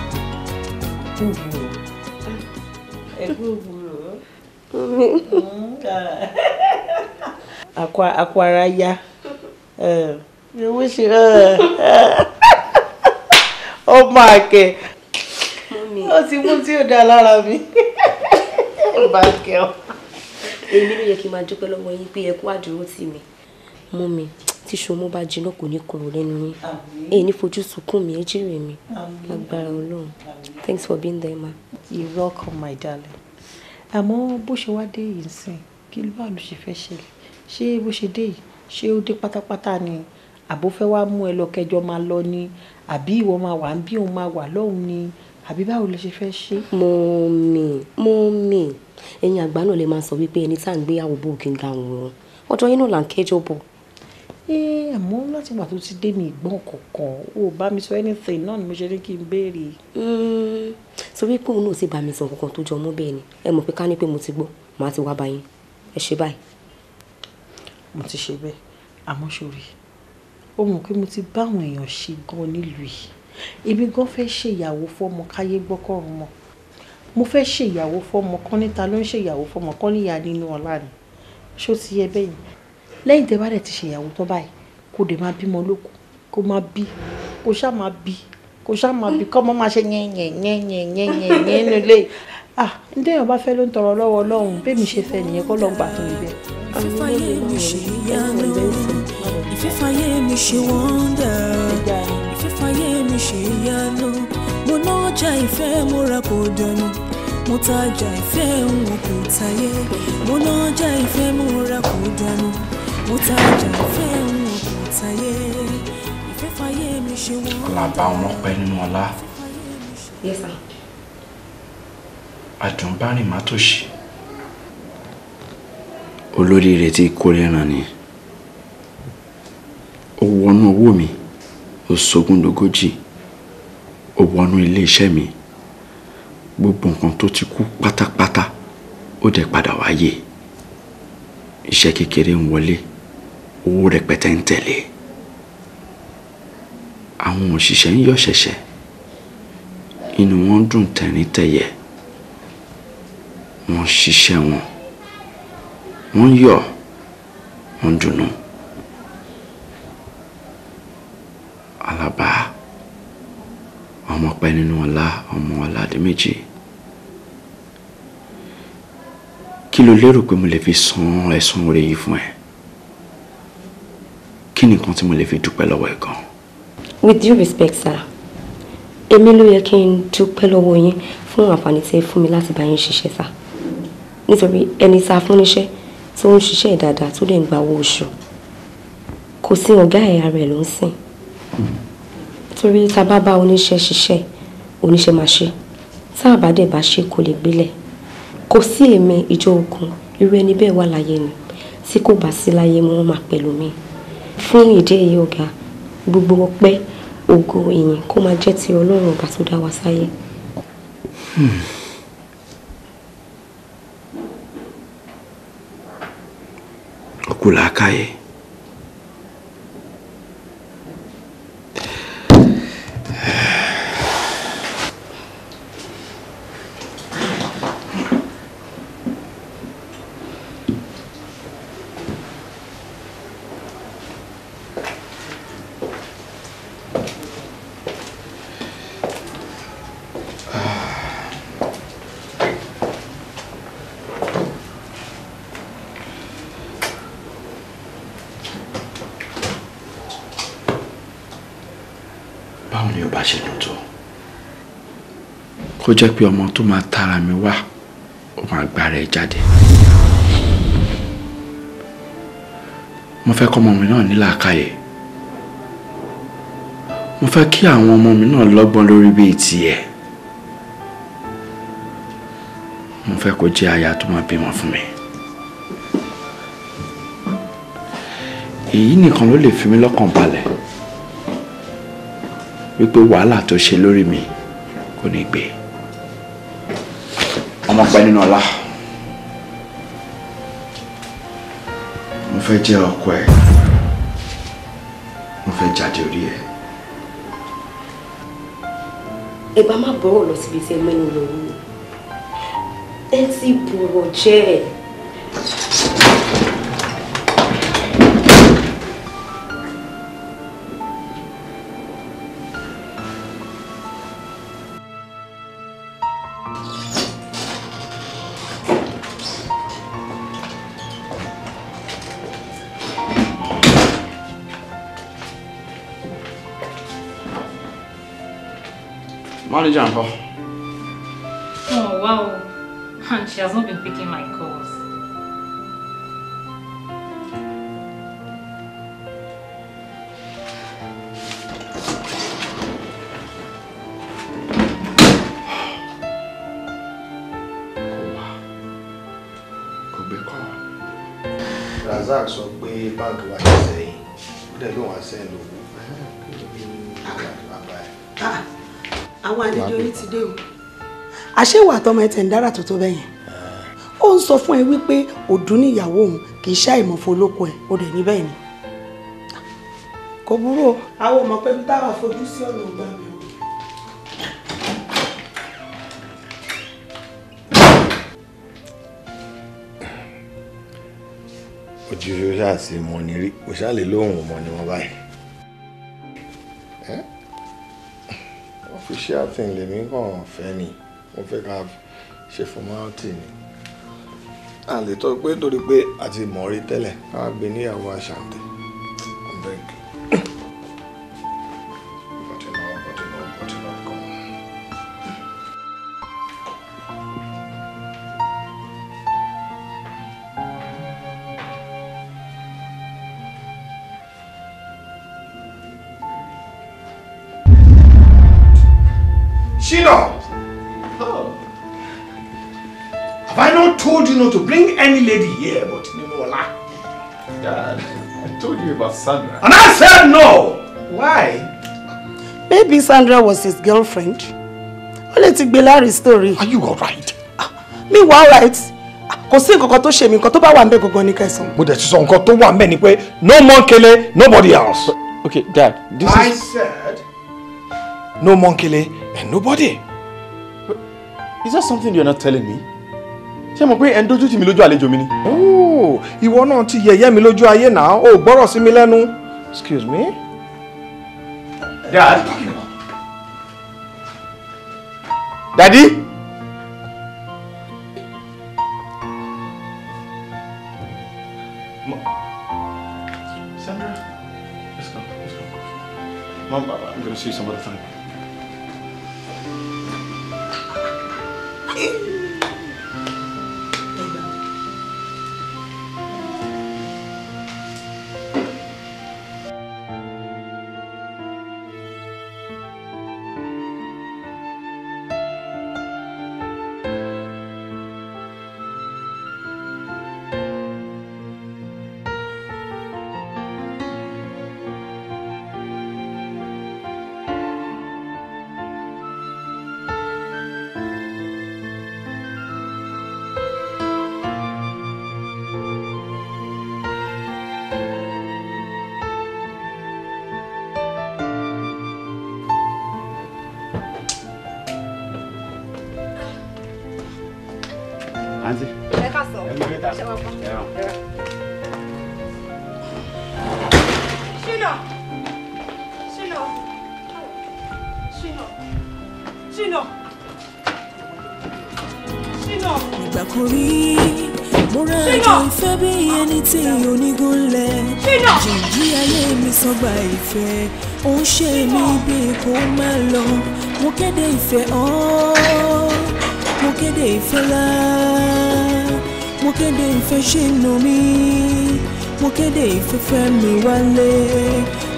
Speaker 3: *laughs*
Speaker 1: ẹ̀gbọ́n òwúrò ẹ̀gbọ́n òwúrò
Speaker 3: akwa akwa ara ya owó ṣe ọmọ àkẹ́ ó ti mú tí ó dá lára mi
Speaker 2: bá kẹ́ ọ. èmi ló yẹ kí n máa dúpẹ́ lọ́wọ́ yín pé ẹ kú tí ṣomú bá jiná kò ní kúrò lẹ́nu yín èyí ní fojú sunkún mi ẹ jèrè mi agbára ọlọ́run thanks for being there ma. you welcome my darling
Speaker 3: àmọ́ bó ṣe wá dé yìí sìn kí ló bá lù ṣe fẹ́ ṣẹlẹ̀ ṣé bó ṣe dé yìí ṣé ó dé pátápátá ni àbó fẹ́ wá mú ẹ lọ kẹjọ máa lọ ni àbí ìwọ máa wà bí òun máa wà lọ́hùn ni
Speaker 2: àbí báwo lè ṣe fẹ́ ṣe. mọ́mì mọ́mì ẹ̀yin àgbà náà lè máa sọ wípé ẹni tá à ń gbéyàwó bò kí ga òun ọ̀dọ̀ yín náà là ń kẹjọ bọ̀
Speaker 3: ee àmọ́ láti ìgbà tó ti dé ní ìgbọ́n kankan o bá mi sọ anything náà ni mo ṣe ní kí n béèrè. Hmm,
Speaker 2: sọ wípé òun náà ti bá mi sọ kankan tó jọ mọ́ bẹ́ẹ̀ ni ẹ mọ̀ pé ká ní pé mo ti gbọ́ màá ti wá bá yín ẹ
Speaker 3: ṣe báyìí. mo ti ṣe bẹ́ẹ̀ àmọ́ ṣòrí ó mọ̀ pé mo ti bá àwọn èèyàn ṣe gan nílùú yìí èmi gan fẹ́ ṣèyàwó fọ́mọ káyé gbọ́kọ̀rún mọ́ mo fẹ́ ṣèyàwó fọ́mọ kan níta ló ń ṣèyàwó fọ́mọ kan níyà nínú ọ̀la ni ṣó ti yẹ bẹ́yìn lẹ́yìn tẹ́ bá dẹ̀ ti ṣèyàwó tán báyìí kó dẹ̀ máa bímọ lóko kó máa bí kó ṣáà máa bí kò ṣáà máa bí kọ́ mọ́ máa ṣe yẹn yẹn yẹn yẹn yẹn bá fẹ́ ló ń tọrọ lọ́wọ́ ọlọ́run bẹ́ẹ̀ mi ṣe fẹ́ nìyẹn kọ́ lọ́n gbà tó níbẹ̀. ìfẹ́fàyè mi
Speaker 1: ṣe yánu ìfẹ́fàyè mi ṣe wọ́ndà ìfẹ́fàyè mi ṣe yánu ìfẹ́ mo ra kò dànù mo tajà ìfẹ́ òun kò tayé mo nájà ìfẹ́ mo ra kò dànù òkúta ọjà fẹ́ ṣe wọ́n. àlàbà
Speaker 3: ọlọ́pẹ nínú Yes sir. àdùnbárìn má tòṣì. olórí rẹ̀ ti kórè ràn ni ó wọnú owó mi ó sogún lógójì ó wọnú ilé iṣẹ́ mi gbogbo nǹkan tó ti kú pátápátá ó dẹ̀ padà wáyé iṣẹ́ kékeré ń wọlé owó rẹpẹtẹ ń tẹ̀lé àwọn òṣìṣẹ́ ń yọ̀ ṣẹ̀ṣẹ̀ inú wọn dùn tẹ̀rín tẹ̀yẹ wọ́n ṣiṣẹ́ wọn wọ́n yọ̀ wọ́n dùnnú alábà ọmọpẹ́ nínú ọlá ọmọ Ọládìméjì kí lo lérò pé mo lè fi san ẹ̀san oore yìí fún ẹ kí ni nǹkan tí mo lè fi dúpẹ́ lọ́wọ́ ẹ̀ gan.
Speaker 2: with due respect sir èmi ló yẹ kí n dúpẹ́ lọ́wọ́ yín fún àǹfààní tí ẹ fún mi láti bá yín ṣiṣẹ́ sá nítorí ẹni tá a fún níṣẹ́ tó ń ṣiṣẹ́ dáadáa tó lè gba owó oṣù kò sí ọ̀gá ẹ̀yà rẹ̀ ló ń sìn torí tá bá bá oníṣẹ́ ṣiṣẹ́ oníṣẹ́ máa ṣe tá a bá dẹ̀ bá ṣe kò lè gbélẹ̀ kò sí èmi ìjọ ogun irú ẹni bẹ́ẹ̀ wà láyé ni tí kò bá sí láyé mo máa pẹ̀lú mi fún ìdí èyí ọ̀gá gbogbo ọpẹ́ ògo ìyìn kó máa jẹ́ ti ọlọ́run ọba tó dá wa sáyé. Hmm.
Speaker 3: ó kù làákàyè. kó jẹ́ pé ọmọ tó máa tara mi wá ó máa gbára ẹ̀ jáde. mo fẹ́ kọ́mọ mi náà ní làákàyè mo fẹ́ kí àwọn ọmọ mi náà lọ́gbọ́n lórí bíi tiẹ̀ mo fẹ́ kó jẹ́ aya tó máa bímọ fún mi. èyí nìkan ló lè fi mí lọ́kàn balẹ̀ wípé wàhálà tó ṣe lórí mi kò ní gbé e ọmọ pẹ́ nínú ọlá mo fẹ́ jẹ́ ọkọ ẹ̀ mo fẹ́ jáde orí ẹ̀.
Speaker 2: ẹ bá má bọ̀rọ̀ lọ síbi tí ẹ mẹ́nu lọ́wọ́ ẹ ti bọ̀rọ̀ jẹ́ ẹ̀. Manager ńkọ́? Oh, wow. And *laughs* she has not been picking my calls.
Speaker 3: Razak sọ pé báńkì wa ti sẹ́yìn, ó dẹ̀ lóun á sẹ́yìn lóko. àlejò yìí ti dé o ah. àṣewà àtọmọ ẹtẹ ń dára tó tó bẹyẹn ó ń sọ fún ẹ wípé òdún níyàwó òun kì í ṣàìmọ̀ fọlọ́kọ ẹ ó dẹ̀ níbẹ̀ ni kò burú o àwọn ọmọ pẹ́ bí táwa fojú sí ọ̀nà ọ̀gbà mi. ojú ṣáà sí mọ ní òṣàlè lóhùn ọmọ ni wọn báyìí. special thing lèmi kàn fẹ́ ni mo fẹ́ ká ṣe formality ni a lè tọ́ pé torí pé a ti mọ̀ rí tẹ́lẹ̀ ká gbé níyàwó àṣàǹtẹ̀. any lady here but Ninola. Dad, I told you about Sandra. And I said no! Why? Maybe Sandra was his girlfriend. Only to be Larry's story. Are you alright? Ah, meanwhile, wà alright. Ah, kò sí nǹkan tó ṣe mí, to tó bá wà ńbẹ̀ gogo ni kesan. Mo dẹ̀ ti sọ nǹkan tó no monkey, nobody else. Okay, dad, this I is I said no monkele and nobody. But is that something you're not telling me? ṣé mo pé ẹni dójú tì mí lójú àlejò mi ni. ìwọ náà ti yẹ̀yẹ́ mi lójú ayé náà o gbọ́rọ̀ sí mi lẹ́nu. excuse me. dad. daddy. Sandra, let's go, let's go. Mom, I'm gonna see you some other time.
Speaker 1: tí onígun lẹ̀ jìjì ayé mi sọgbà ìfẹ́ ó ń ṣe mí bí kò má lọ mo kéde ìfẹ́ ọ́ mo kéde ìfẹ́ lá mo kéde ìfẹ́ ṣìnà mi mo kéde ìfẹ́ fẹ́ mi wálé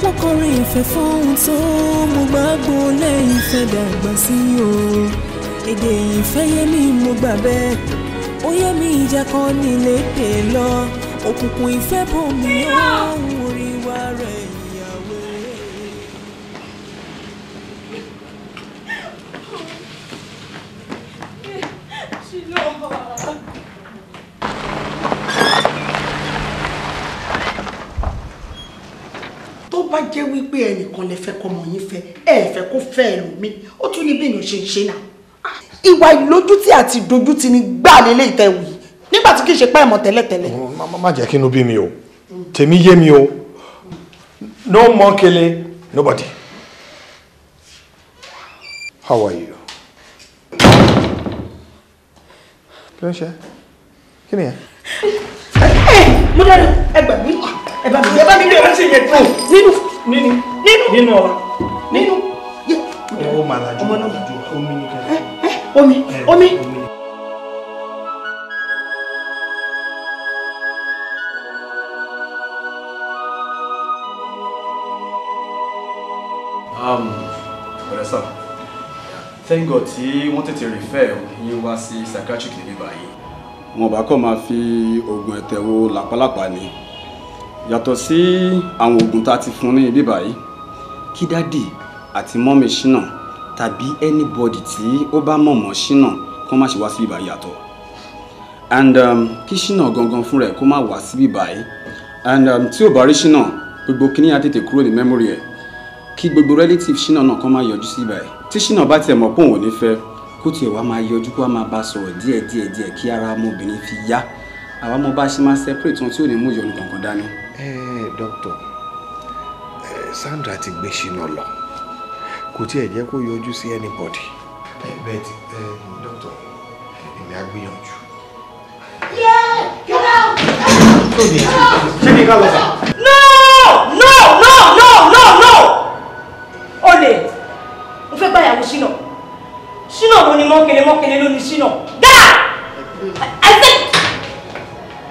Speaker 1: mo kọrin ìfẹ́ fọ́hún tó mo gbàgbọ́ lẹ́yìn ìfẹ́ dàgbà sí o èdè ìfẹ́ yé mi mo gbà bẹ́ẹ̀ ó yẹ mi ìjà kan nílé pè lọ òkùnkùn ìfẹ́ bòmí ọ̀hún orí wa rẹ̀ ìyàwó.
Speaker 3: tó bá jẹ́ wípé ẹnìkan lè fẹ́ kọmọ yín fẹ́ ẹ fẹ́ kó fẹ́ ẹlòmíì ó tún ní bí èèyàn ṣe ń ṣe náà ah, ìwà ìlójútì àti ìdójútì ni gbáà lélẹ́yìí tẹ̀wé nígbà tí kì ṣe pa tẹ́lẹ̀tẹ́lẹ̀. má jẹ́ kí inú bí mi o tèmi yé mi o no mọ́kele nobody how are you. kí ló
Speaker 1: ń ṣe kí ni yẹn.
Speaker 3: mo dára ẹ gbà mí ẹ bá mi ẹ bá mi gbé wọn sí yẹn tó nínú nínú nínú nínú ọ̀rọ̀ ọmọ náà omi omi omi. thank God tí wọ́n tètè refer yín wá sí psychiatric níbí báyìí. wọn bá kọ́ máa fi oògùn ẹ̀tẹ̀ wo làpálàpá ni yàtọ̀ sí àwọn oògùn tá a ti fún ní ibí báyìí kí dádì àti mọ́mì ṣínà tàbí anybody tí ó bá mọ̀mọ́ ṣínà kó má ṣe wá sí báyìí yàtọ̀ and um, kí ṣínà gangan fúnra ẹ̀ kó má wá sí báyìí and um, tí ò bá rí ṣínà gbogbo kíní á kúrò ní memory ẹ̀ kí gbogbo relative ṣínà náà kó má yọjú sí báyìí tí ṣìnà bá tiẹ̀ mọ̀ pé òun ò ní fẹ́ kó tiẹ̀ wá máa yọjú kó wá máa bá sọ̀rọ̀ díẹ̀ díẹ̀ díẹ̀ kí ara ọmọbìnrin fi yá àwa mo bá ṣe máa separate wọn tí ò ní mú ìyọnu kankan dání. ẹ ẹ dókítà Sandra ti gbé ṣìnà lọ kò tiẹ̀ jẹ́ kó yọjú sí anybody. bẹ́ẹ̀ ti ẹ dókítà èmi á gbìyànjú.
Speaker 1: yẹ́ẹ̀ kẹ́lá!
Speaker 3: ṣé kí n ká lọ sọ?
Speaker 2: and Shina. Shina money mokele mokele ló ní Shina. Dada! I
Speaker 3: said.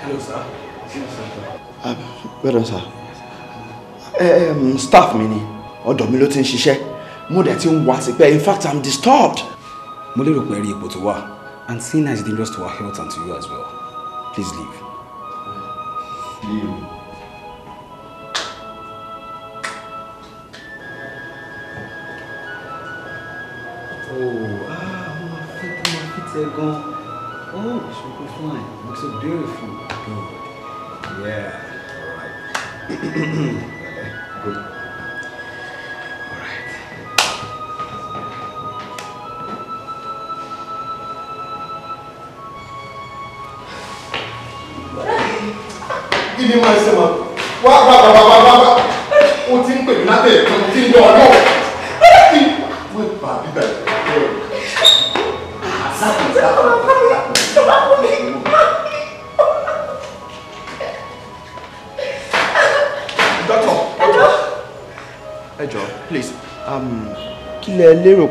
Speaker 3: Hello sir. Hello ah, sir. Uh, eh, sir. Um, staff mi ni ọ̀dọ̀ mi ló More than ṣiṣẹ́ mo dẹ̀ ti in fact I'm disturbed. mo lérò pé ẹ rí ipò and seeing as it's dangerous to our health and to you as well please leave. leave. Ah, on frère, my who gone. Oh, je suis fine. Looks so beautiful. Good. Yeah. All right. Good. All right. Give me my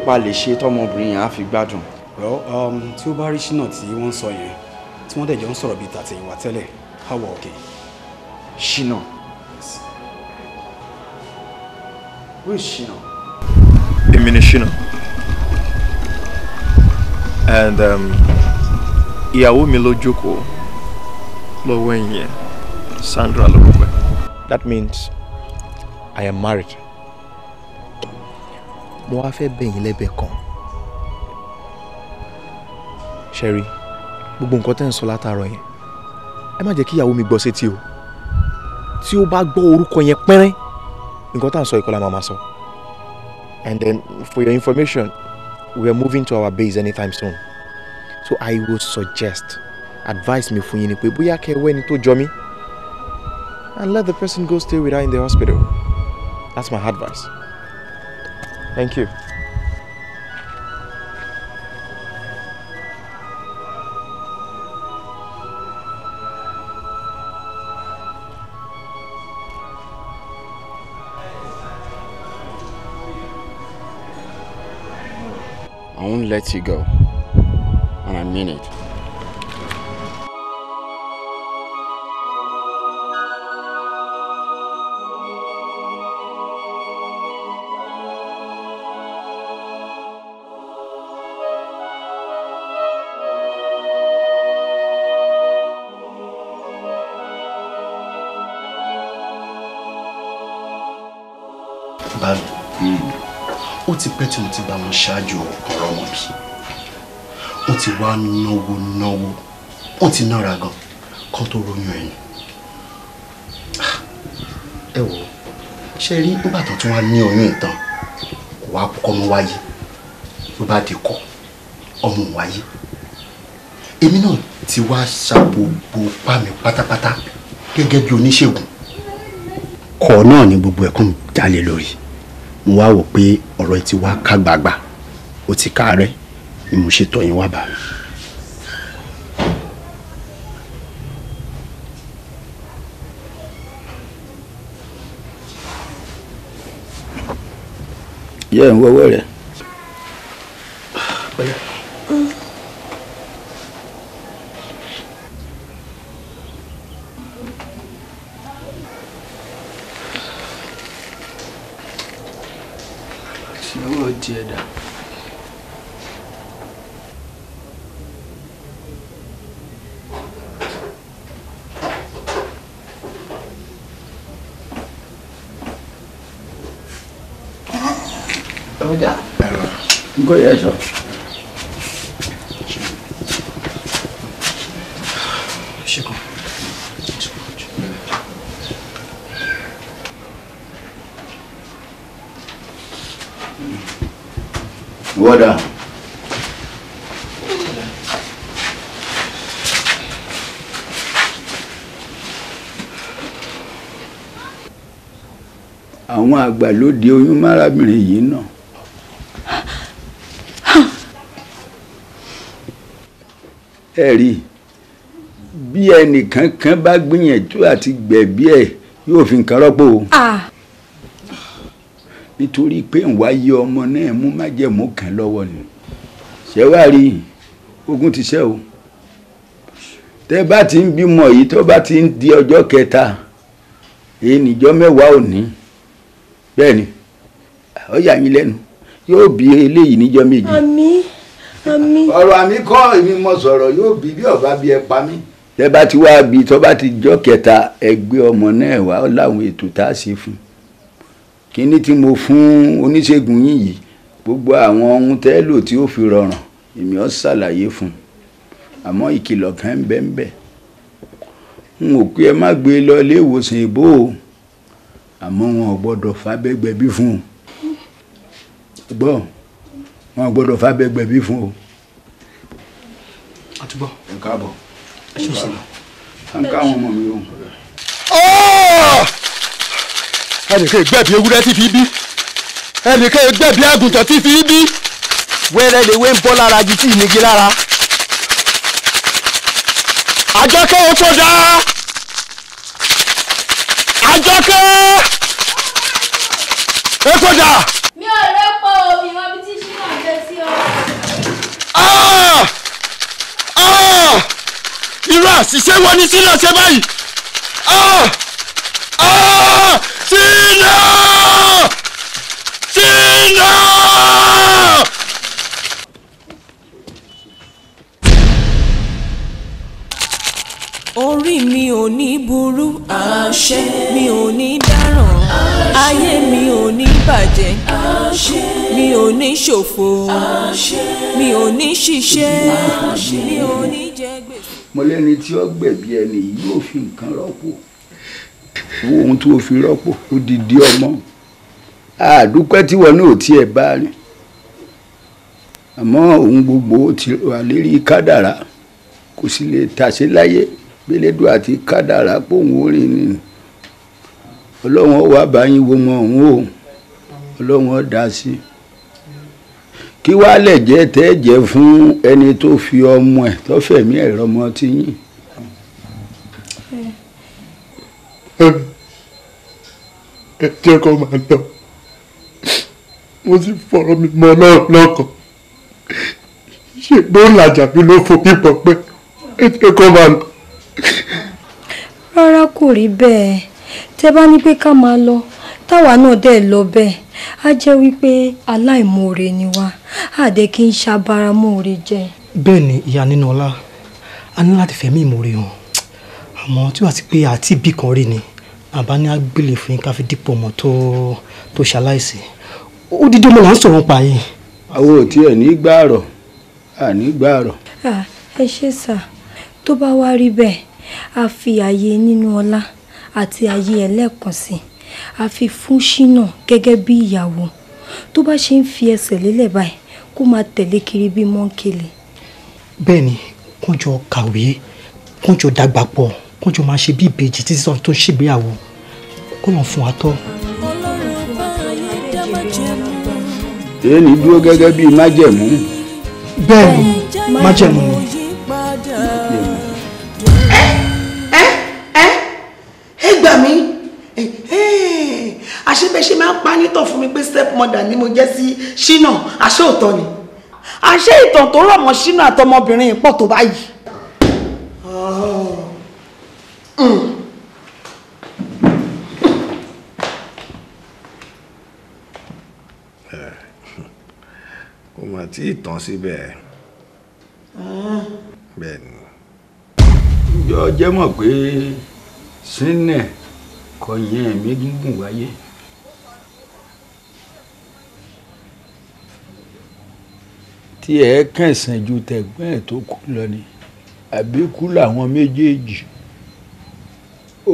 Speaker 3: pa lè ṣe tọmọbìnrin yẹn á fi gbádùn. well um, tí ó bá rí ṣínà tí wọ́n ń sọ yẹn tí wọ́n dẹ̀ jọ ń sọ̀rọ̀ bíi tàtẹ̀yìnwá tẹ́lẹ̀ á wọ̀ òkè. ṣínà wí ṣínà. èmi ni ṣínà and um, ìyàwó mi ló jókòó lọ́wọ́ ẹ̀yìn yẹn Sandra lórúkọ ẹ̀. that means I am married mo wá fẹ́ bẹ̀ yín lẹ́bẹ̀ kan ṣẹ́rí gbogbo nǹkan tẹ́ ń sọ látàárọ̀ yẹn ẹ má jẹ́ kí ìyàwó mi gbọ́ sétí o tí ó bá gbọ́ orúkọ yẹn pẹ́rẹ́ nǹkan tá à ń sọ ìkọlà màmá sọ and then for your information we are moving to our base anytime soon so I would suggest advice mi fún yín ni pé bóyá kẹ́ wẹ́ ni tó jọ mí and let the person go stay with her in the hospital that's my advice. Thank you. I won't let you go. And I mean it. ti pẹ́ tí mo ti bá wọn ṣáájú ọ̀rọ̀ ọmọ bí wọ́n ti wá náwó náwó wọ́n ti nára gan kán tó ronyún ẹ̀yìn ah, ẹ wò ṣe rí nígbà tó tún wá ní oyún ìtàn kò wá kọ́mọ wáyé ló bá di kọ́ ọmọ wáyé èmi náà ti wá ṣàgbogbo pa mi pátápátá gẹ́gẹ́ bí oníṣègùn kọ́ náà ni gbogbo ẹ̀kún jalè lórí mo wá wò pé ọ̀rọ̀ ẹ ti wá ká gbàgbà ó ti káàárẹ̀ ni mo ṣe tọ̀yìn wá bá. yẹ́ ń wọ́wọ́ rẹ àwọn àgbà ló di oyún márábìnrin yìí náà. ẹ rí bí ẹnìkan kan bá gbìyànjú àti gbẹ̀bí ẹ̀ yóò fi nǹkan rọ́pò. nítorí pé ń wáyé ọmọ náà mú májẹ̀mú kan lọ́wọ́ ni ṣé wàá rí ti ṣẹ́ o tẹ́ bá ti ń bímọ yìí tó bá ti ń di ọjọ́ kẹta èyí nìjọ́ mẹ́wàá òní bẹ́ẹ̀ni ó yà yín lẹ́nu yóò bí eléyìí níjọ́ méjì. àmín àmín. ọ̀rọ̀ àmì kọ́ èmi mo sọ̀rọ̀ yóò bí bí ọba bí ẹ pa mí. tẹ bá ti wá bí tọ́ bá ti jọ́ kẹta ẹgbẹ́ ọmọ náà wá láwọn ètò tá a ṣe fún kínní tí mo fún oníṣègùn yín yìí gbogbo àwọn ohun tẹ́ lò tí ó fi rọrùn èmi ọ́ ṣàlàyé fún àmọ́ ìkìlọ̀ kan ń bẹ́ẹ̀ bẹ́ẹ̀ n ò pé ẹ má gbé lọ ilé ìwòsàn ìbò o àmọ́ wọn ò gbọ́dọ̀ fábẹ́gbẹ̀bí fún o gbọ́ wọn ò gbọ́dọ̀ fábẹ́gbẹ̀bí fún o. àtúbọ̀ ẹ káàbọ̀ ẹ ṣe òsèlú. à ń káwọn ọmọ mi o. ẹnìkan ìgbẹ́bí ewúrẹ́ ti fi bí ẹnìkan ìgbẹ́bí àgùntàn ti fi bí wẹ́rẹ́ lè wé ń bọ́ lára ju tí ì nígi lára. àjọkẹ́ o dáa àjọkẹ́ èkó dà.
Speaker 1: mi ò lè pọ omi wọn bí tí ṣínà gbé sí o.
Speaker 3: Ah! Ah! irú àṣìṣe wo ni ṣínà ṣe báyìí ṣínà ah! ṣínà.
Speaker 1: orí mi ò ní burú àṣẹ mi ò ní dáràn ayé mi ò ní bàjẹ́ àṣẹ mi ò ní ṣòfò àṣẹ mi ò ní ṣiṣẹ́ àṣẹ mi ò
Speaker 3: ní jẹ gbèsè. mo lẹ́ni tí ó gbẹ̀bí ẹni yìí yóò fi nǹkan rọ́pò wo ohun tó fi rọ́pò ó di di ọmọ àdúpẹ́ tí wọn náà tiẹ̀ bá rìn àmọ́ ohun gbogbo ti wà lérí kádàrá kò sì lè tàṣe láyé pélédù àti kádàrá pòun orin ni ọlọ́run ó wá wo mọ òun o ọlọ́run ó dá sí i kí wàá lẹ̀ jẹ́ tẹ́ jẹ́ fún ẹni tó fi ọmọ ẹ̀ tó fẹ̀mí ẹ̀rọ ọmọ tí yín. ẹ jẹ́ kó máa dán mo sì fọ̀rọ̀ mi mọ́ náà lọ́kàn ṣègbè ńlá Àjàbí ló fò pípọ̀ pé ẹ jẹ́ kó máa dán
Speaker 2: rárá kò rí bẹ́ẹ̀ tẹ́ bá ní pé ká máa lọ táwa náà dẹ̀ lọ bẹ́ẹ̀ á jẹ́ wípé aláìmoore ni wá àdẹ kí n ṣàbáramóore
Speaker 3: jẹ. bẹ́ẹ̀ ni ìyá nínú ọlá a ní láti fẹ̀mí ìmoore hàn àmọ́ tí wàá ti pé àti ibì kan rí ni àbá ní agbélé fún yín ká fi dípò ọmọ tó tó ṣaláìsí ó dídí ọmọ là ń sọ̀rọ̀ pa yìí. àwọn ò tiẹ̀ ní gbàrọ̀ àní gbàrọ̀.
Speaker 2: ẹ ṣe sà tó bá wá rí bẹ́ẹ̀ a fi ààyè nínú ọlá àti ààyè ẹlẹ́ẹ̀kan sí a fi fún ṣínà gẹ́gẹ́ bí ìyàwó tó bá ṣe ń fi ẹsẹ̀ lélẹ̀ báyìí kó máa tẹ̀lé kiri bí mọ́ńkèlè.
Speaker 3: bẹ́ẹ̀ ni kúnjọ kàwé kúnjọ dàgbà pọ̀ kúnjọ máa ṣe bí ìbejì títí sọ́n tó ṣègbéyàwó kó lọ́n fún wa tọ́. èyí ni dúró gẹ́gẹ́ bíi májẹ̀mú. bẹ́ẹ̀ ni májẹ̀mú ni. àṣebẹṣe máa ń panítọ̀ fún mi pé stepmother ni mo jẹ́ sí ṣínà àṣé òótọ́ ni àṣé ìtàn tó rọ̀ mọ́ ṣínà àtọmọbìnrin yìí pọ̀ tó báyìí. kò mà tí ì tán síbẹ̀ bẹ́ẹ̀ ni. ǹjọ́ jẹ́ mọ̀ pé sínú ẹ̀ kọ̀yìn ẹ̀mí gígùn wáyé. tí ẹ kẹsàn ju tẹ̀gbọ́n ẹ̀ tó kú lọ ni àbí kú làwọn méjèèjì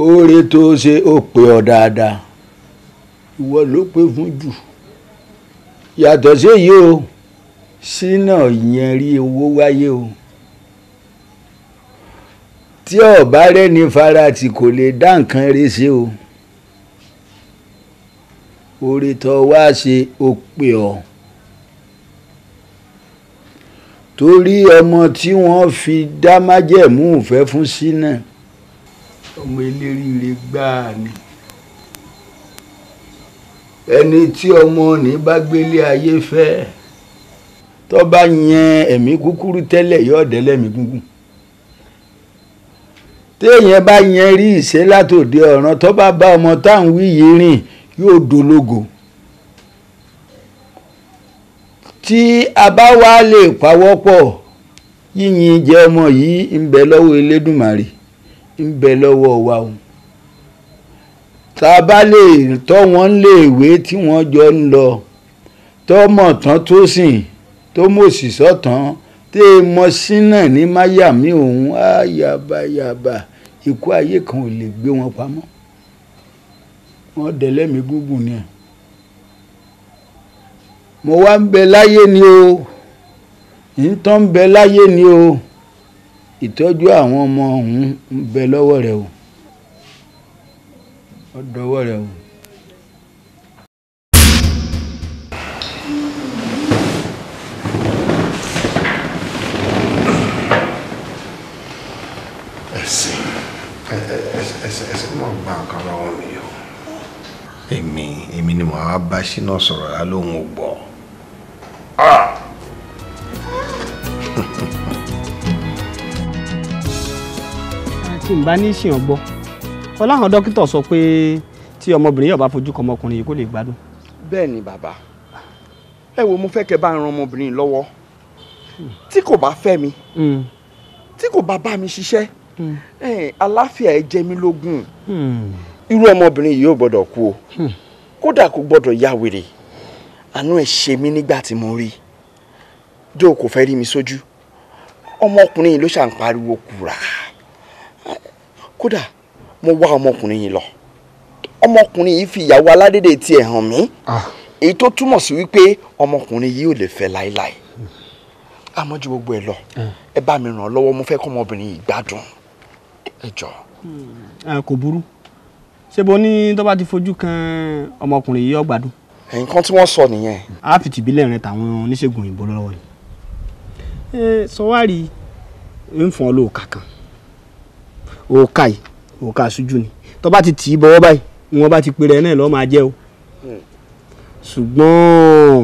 Speaker 3: oore tó ṣe ó pè ọ́ dáadáa ìwọ ló pé fún jù yàtọ̀ sí èyí o sínà yẹn rí owó wáyé o tí ọba rẹni farati kò lè dá nǹkan rẹ ṣe o oore tó wá ṣe ó pè ọ́ torí ọmọ tí wọ́n fi dá májẹ̀mú ìfẹ́ fún sí náà. ọmọ eléríire gbáà ni ẹni tí ọmọ òní bá gbélé ayé fẹ́ tó bá yẹn ẹ̀mí kúkúrú tẹ́lẹ̀ yóò dẹ́lẹ̀ mí gúngún téèyàn bá yẹn rí ìṣe látòde ọ̀ràn tó bá bá ọmọ táwọn wí yìí rìn yóò dológo. tí a bá wá lè pawọ́pọ̀ yíyin jẹ́ ọmọ yìí ń bẹ lọ́wọ́ Elédùmarè ń bẹ lọ́wọ́ wa o tá a bá lè tọ́ wọn lé ìwé tí wọ́n jọ ń lọ tọ́mọ̀ tán tó sìn tó mòsì sọ́tàn tẹ́ ẹ mọ sínà ní máyàmí òun àyàbàyàbà ikú ayé kan ò lè gbé wọn pamọ́ wọ́n dẹ̀lẹ́mìí gúngùn ni ẹ̀ mo wá ń bẹ láyé ni o ìtàn ń bẹ láyé ni o ìtọ́jú àwọn ọmọ ọ̀hún ń bẹ lọ́wọ́ rẹ o ó rẹ o. èmi èmi ni màá bá ṣínà sọ̀rọ̀ lálóhùn ò Ah. *laughs* tí n bá ní ìṣìyàn gbọ́ ọláhàn dókítà sọ pé tí ọmọbìnrin yóò bá fojú kan ọmọkùnrin yìí kó lè gbádùn. bẹ́ẹ̀ ni bàbá ẹ wo mo fẹ́ kẹ́ bá ran ọmọbìnrin lọ́wọ́ tí kò bá fẹ́ mi hmm. tí kò bá bá mi ṣiṣẹ́ aláfíà hmm. ẹ jẹ mí lógún hmm. irú ọmọbìnrin yìí ò gbọ́dọ̀ kú o kódà kò gbọ́dọ̀ ya wèrè àánú ẹ̀ ṣe mí nígbà tí mo rí i joe kò fẹ́ rí mi sójú ọmọkùnrin yìí ló ṣà ń pariwo kùrà kódà mo wá ọmọkùnrin yìí lọ ọmọkùnrin yìí fi ìyàwó aládédè tiẹ̀ hàn mí ah. èyí tó túmọ̀ sí wípé ọmọkùnrin yìí ò lè fẹ́ láéláé àmọ́ ju gbogbo ẹ̀ lọ hmm. ẹ bá mi ràn lọ́wọ́ mo fẹ́ kọ́ ọmọbìnrin yìí gbádùn ẹ jọ. Hmm. Eh, kò burú ṣé bo ní tó bá ti fojú kan ọmọkùnrin yìí ó nǹkan tí wọ́n sọ nìyẹn. áàpì tìbílẹ̀ rẹ tàwọn oníṣègùn òyìnbó lọ́wọ́ yìí ẹ sọwárì ń fọn olóòka kan òòka yìí òòka àṣújù ni tó bá ti tì í bọ́wọ́ báyìí ni wọ́n bá ti pèrè ẹ náà lọ́ọ́ máa jẹ́ o hmm. ṣùgbọ́n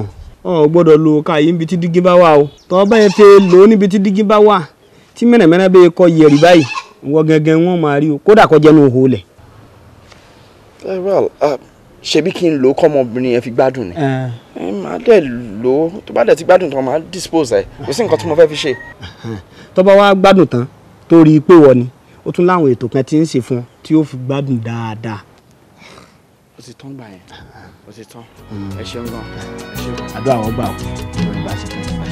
Speaker 3: ọ gbọ́dọ̀ lo òòka yìí níbi tí dígí bá wà o tó bá yẹn fẹ́ lò ó níbi tí dígí bá wà tí mẹ́rẹ̀mẹ́rẹ́ bẹ́ẹ̀ kọ́ yẹ̀rì báyìí wọ́n gẹ́gẹ́ wọ́n máa rí o kódà kọjá ní òhò lẹ̀. Eh, well uh, ṣebí kí n lò ó kọ́mọbìnrin yẹn fi gbádùn ni eh. máa dẹ̀ lò ó tó bá dẹ̀ ti gbádùn tán máa dispose ẹ̀ kò sí nǹkan tí mo fẹ́ fi ṣe. tó bá wá gbádùn tán tó rí i pé wọ ni ó tún láwọn ètò kan tí ń ṣe fún ọ tí ó fi gbádùn dáadáa. o ti tán gbà yẹn o ti tán ẹ ṣeun gan ẹ ṣeun. àdúrà wọn gbà ó ìgbà ṣe tán.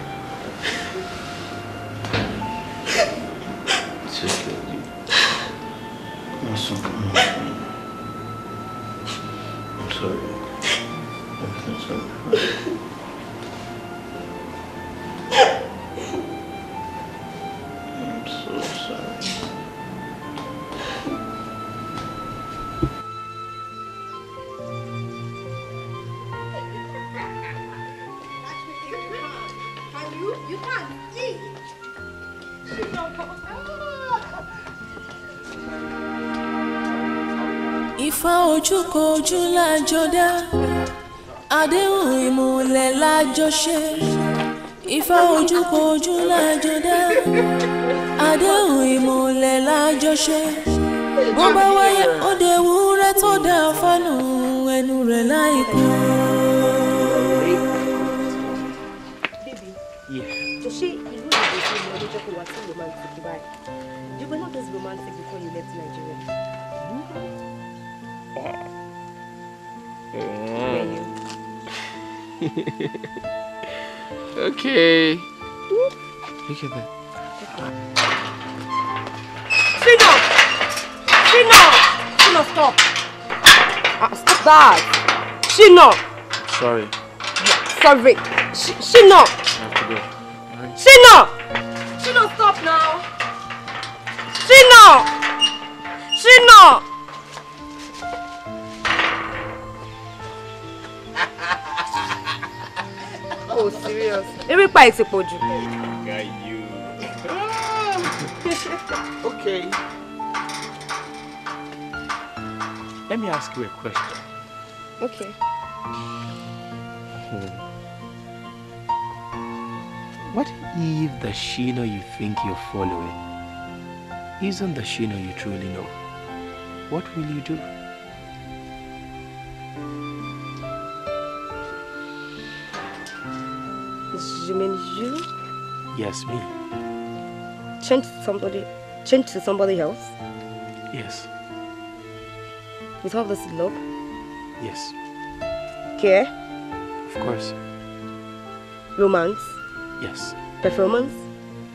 Speaker 1: lájọdá àdéhùn ìmùlẹ̀ lájọṣe Ifá ojúkojú lájọdá àdéhùn ìmùlẹ̀ lájọṣe bó bá wáyé ó de wúrẹ́ tó dáa fánù ẹnu rẹ̀ láìpẹ́. *laughs* okay.
Speaker 3: Look at that. Fino! Fino! Fino, stop!
Speaker 2: Uh, stop that! Shino! Sorry. Sorry. Sh Shino! o oh, serious. eré
Speaker 3: ah! *laughs* okay. Let me ask you a question. Okay. What if the Shino you think you're following isn't the Shino you truly know? What will you do?
Speaker 2: you mean you? Yes, me. Change somebody, change to somebody else? Yes. With all this love? Yes. Care? Of course. Romance?
Speaker 3: Yes. Performance?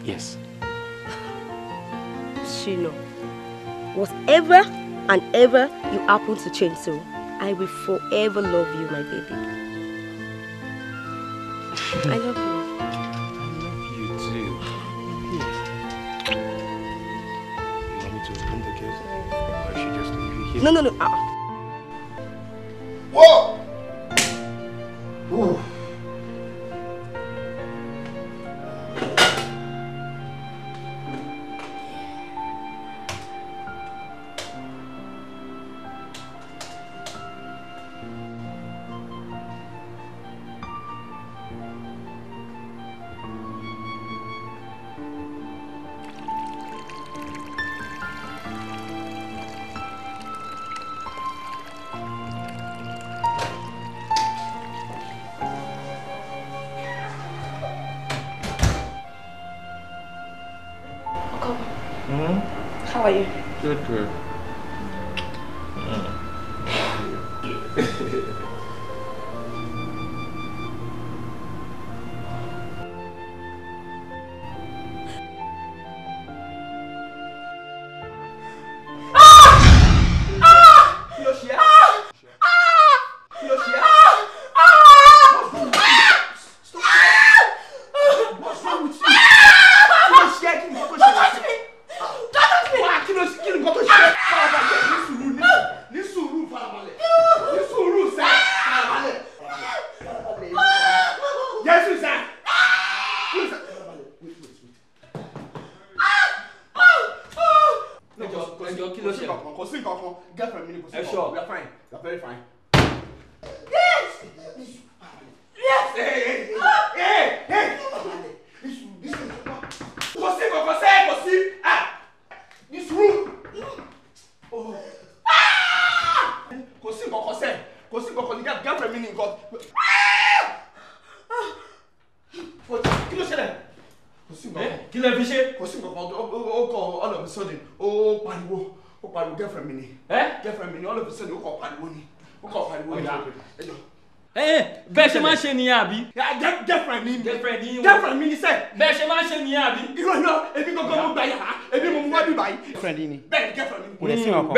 Speaker 3: Yes.
Speaker 2: She know. whatever and ever you happen to change to, I will forever love you, my baby. I love you.
Speaker 3: 能能能啊！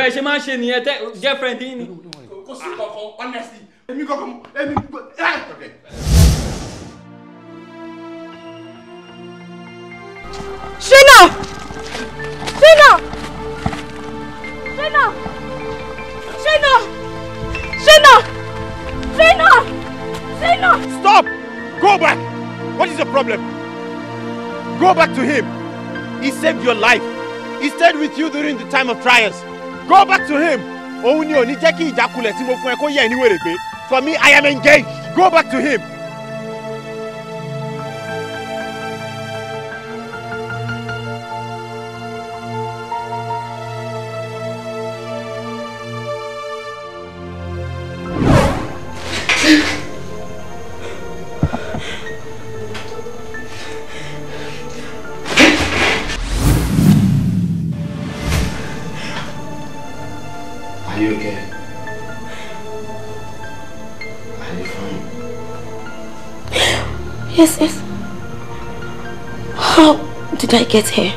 Speaker 3: ẹ ṣe máa ń ṣe nìyẹn girlfriend yín ni. kò sí kankan honestly èmi kankan
Speaker 2: Shina! Shina! Shina! Shina!
Speaker 3: Shina! Shina! Shina! Stop! Go back! What is the problem? Go back to him. He saved your life. He stayed with you during the time of trials. go back to him òun ni ò ní jẹ́ kí ìjákulẹ̀ tí mo fún ẹ kó yẹ ẹ níwèrè pé for me I am engaged go back to him.
Speaker 2: Yes, yes. How did I get here?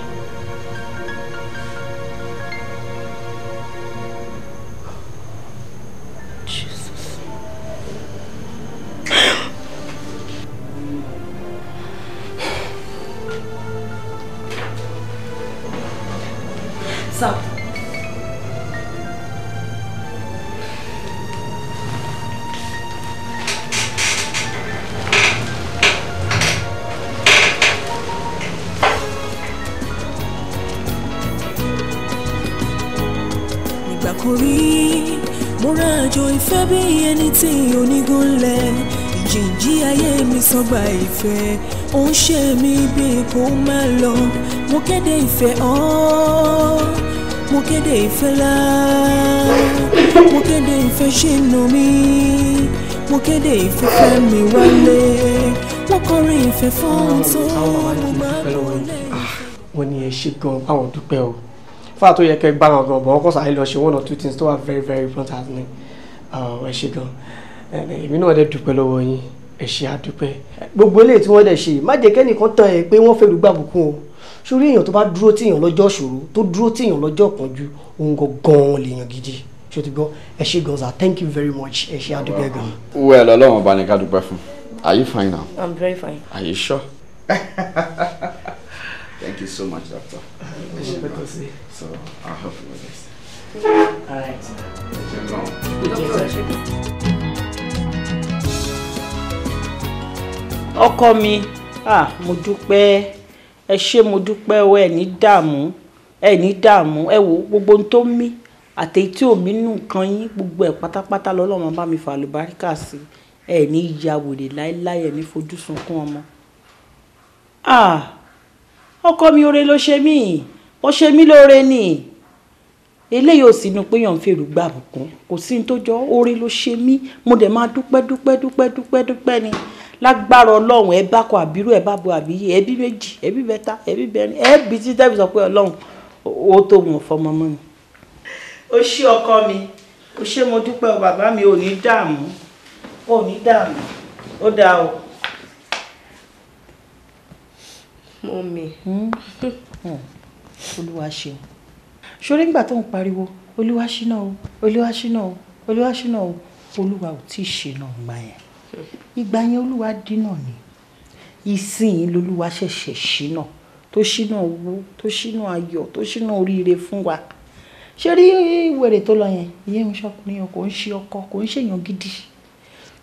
Speaker 1: kó má lọ mo kéde ìfẹ́ hàn mo kéde ìfẹ́ lá mo kéde ìfẹ́ ṣìnà mi mo kéde ìfẹ́ fẹ́ mi wálé mo kọrin
Speaker 3: ìfẹ́ fún tó mo máa lọ lẹ́yìn. Ah, wọ́n ní ẹ ṣe gan báwọn dúpẹ́ o fáà tó yẹ kẹ́ gbá wọn gan-an bọ̀ sáré lọ ṣe one or two things tó wà very very important ni ah, ẹ ṣe gan-an eh, èmi náà dẹ̀ dúpẹ́ lọ́wọ́ yín ẹ ṣe àdúpẹ́ gbogbo eléyìí tí wọ́n dẹ̀ ṣe má jẹ́ kẹ́nìkan tán ẹ pé wọ́n fẹ́ lù gbàbùkún o sórí èèyàn tó bá dúró tíyàn lọ́jọ́ ṣòro tó dúró tíyàn lọ́jọ́ ìpọ́njú òun gan-an lèèyàn gidi ṣé ti gbọ́ ẹ ṣe gan thank you very much ẹ ṣe adúgbẹ́ gan. well ọlọ́run ọba ni ká dúpẹ́ fún are you fine now. i'm very fine. are you sure. *laughs* thank you so much doctor. ẹ ṣe pẹ́tọ́ sí. so i'll help you with this. all right. ẹ ṣe gan. ọkọ mi ah mo dúpẹ́ ẹ ṣé mo dúpẹ́ o ẹ ní dààmú ẹ ní dààmú ẹ wo gbogbo ohun tó ń mí àtẹ̀yí tí òmí nù kan yín gbogbo ẹ̀ pátápátá lọ́lọ́run bá mi fà lùbáríkà sí ẹ ní ya wèrè láéláé ẹ ní fojú sunkún ọmọ. ah ọkọ mi oore ló ṣe mí ó ṣe mí lóore ni eléyìí ò sínú pé yàn ń fèrú gbà bùkún kò sí ní tó jọ oore ló ṣe mí mo dẹ̀ máa dúpẹ́ dúpẹ́ dúpẹ́ dúpẹ́ dúpẹ́ ni lágbára ọlọ́run ẹ bá kọ àbírú ẹ bá bo àbíyé ẹbí méjì ẹbí mẹ́ta ẹbí mẹ́rin ẹbí tí tẹ́bi sọ pé ọlọ́run ó tó wọn fọmọ mọ́ ni. ó ṣé ọkọ mi ó ṣé mo dúpẹ́ o bàbá mi ò ní dààmú ò ní dààmú ó dáa o. mọ́mì. Hmm? Hmm. olúwa ṣeun ṣorí nígbà tó ń pariwo olúwa ṣínà o olúwa ṣínà o olúwa ṣínà o olúwa ò tí ì ṣe náà gbà yẹn ìgbà yẹn olúwa dínà ni ìsìn lolúwa ṣẹ̀ṣẹ̀ ṣínà tó ṣínà owó tó ṣínà ayọ̀ tó ṣínà oríire fún wa ṣé rí wèrè tó lọ yẹn ìyẹn ń ṣọkùnrin kò ń ṣe ọkọ kò ń ṣèyàn gidi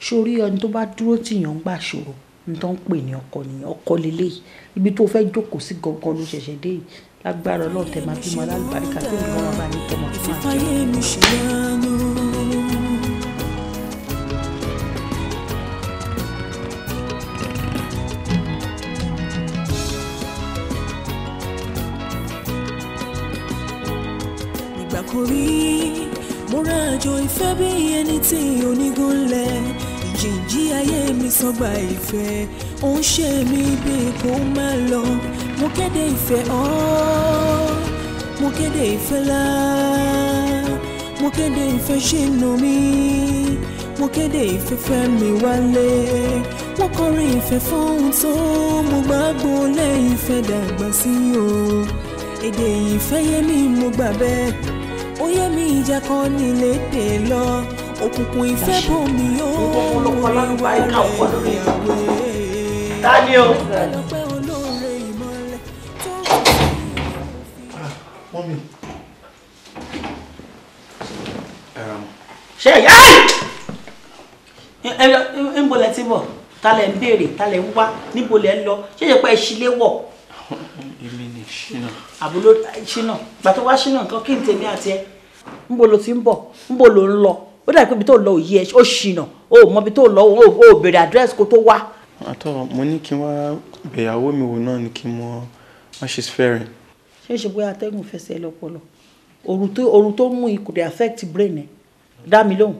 Speaker 3: sórí ẹni tó bá dúró tìyàn ń gbà ṣòro nǹkan pè ní ọkọ nìyẹn ọkọ lélẹ̀ ibi tó fẹ́ jókòó sí gangan ló ṣẹ̀ṣẹ̀ dé yìí lágbára ọlọ́ọ̀tẹ̀ máa bímọ alálùbáríkà tó ń lọ́wọ́ bá ní tọmọ tó máa jẹun.
Speaker 1: kò rí mo rán àjò ìfẹ́ bí ẹni tí onígun lẹ̀ jìjì ayé mi sọgbà ìfẹ́ ó ń ṣe mí bí kò má lọ mo kéde ìfẹ́ ọ́ mo kéde ìfẹ́ lá mo kéde ìfẹ́ ṣìnà mi mo kéde ìfẹ́ fẹ́ mi wálé mo kọrin ìfẹ́ fóun tó mo gbàgbọ́ lẹ́yìn ìfẹ́ dàgbà sí o èdè ìfẹ́ yé mi mo gbà bẹ́ẹ̀ oyè mi ìjà kan nílé dè lọ òkùnkùn
Speaker 3: ìfẹ́ bòmí ó wọlé wọlé ìwé. Ah, mọ́mí. ẹ̀rọ mọ́. ṣe ìyá ẹ̀ ń bolẹ̀ ti bọ̀ ta lẹ̀ ń béèrè ta lẹ̀ ń wá níbo lẹ̀ ń lọ ṣé ìyẹn pé ẹ ṣílé wọ̀.
Speaker 1: *laughs* èmi ni ṣínà
Speaker 3: àbúrò ṣínà eh, gbàtọ́ wá ṣínà nǹkan kí n tèmi àti ẹ ńbo lo ti ń bọ̀ ńbo lo ń lọ ó dàbí pé ibi tó lọ òye ẹ ó ṣìnà ó mọ ibi tó lọ ó béèrè àdírẹ́sì kó tó wá. àtọ mo ní kí n wá bẹ̀yàwó mi wò náà ni kí n mọ what she's fearing. ṣé ṣe bóyá atẹ́gùn fẹsẹ̀ lọ́pọlọ òru tó mú ikùn dey affect brain ẹ̀ dá mi lóhùn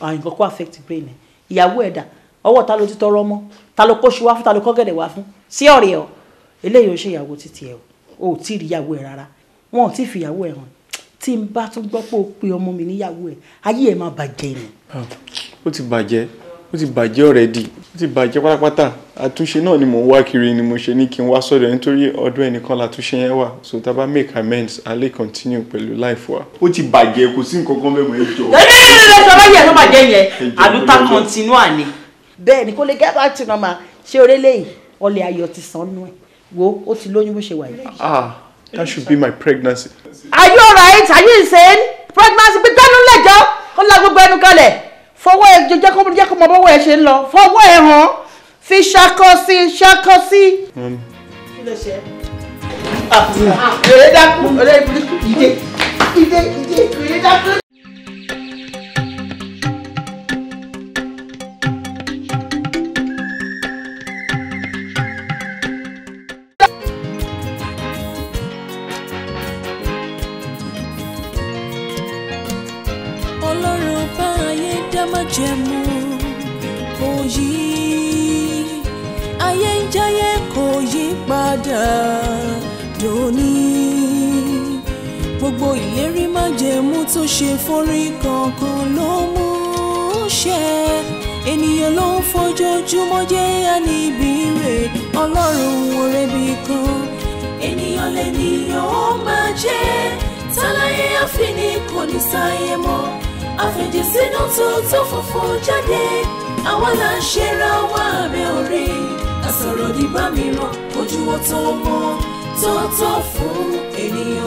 Speaker 3: àwọn nǹkan kó affect brain ẹ̀ ìyàwó ẹ̀dà ọwọ́ ta ló ti tọrọ ọmọ ta ló kó ṣe wá fún ta ló kọ́ gẹ̀dẹ̀ wá fún sí ọ̀rẹ́ ọ eléyìí ó ṣe ìyàwó títí ẹ̀ o o ò tí ì ríyàwó ẹ rárá wọn ò tí ì fìyàwó ẹ hàn tí n bá tún gbọ́ pé o pe ọmọ mi níyàwó ẹ ayé ẹ máa bàjẹ́ ni. Ah, ó ti bàjẹ́ ó ti bàjẹ́ already ó ti bàjẹ́ pátápátá àtúnṣe náà ni mò ń wá kiri ni mo ṣe ní kí n wá sọ́dọ̀ nítorí ọdún ẹnìkan látúnṣe yẹn wà so tá a bá make amends a lè continue pẹ̀lú life wa. ó ti bàjẹ́ kò sí nǹkan kan mẹ́wàá ẹ jọ. ẹ ní ẹ ní ẹ sọ lọ́yẹ̀ tó bàjẹ́ yẹn àdúrà continue àní. bẹ́ẹ̀ ni kò lè get back to normal ṣé orílẹ̀ yìí ọlẹ̀ ayọ̀ ti sànú ẹ̀ wo ó ti lóyún bó ṣe wà yìí. ah that should be my pregnancy. are you alright are you insane pregnancy bí gbẹ́nu lẹ́jọ́ ó la gbogbo ẹnu kalẹ̀ fọwọ́ ẹ jẹ́ kó jẹ́ kó mọ bọ́wọ́ ẹ ṣe ń lọ fọwọ́ ẹ hàn fi ṣakọ sí ṣakọ sí. Um. kí Ah, ṣe ah, é. èrè dákú èrè ìdè ìdè ìdè èrè
Speaker 1: májẹ̀mú òyì ayé ń jayé kò yí padà dòní gbogbo ìlérí májẹ̀mú tó ṣe forí kankan ló mú ṣẹ ènìyàn ló ń fojoojúmọ́ jẹ́ àníbí rẹ̀ ọlọ́run ọ̀rẹ́ bí kan ènìyàn lènìyàn ó máa jẹ́ táláyé àfi kò ní sáyé mọ́ àfèjì sínú tuntun funfun jáde àwa là ń ṣera wá abẹ́ orí àsọ̀rọ̀ ní bá mìíràn ojú tó mọ́ tó tọ́ fún ènìyàn.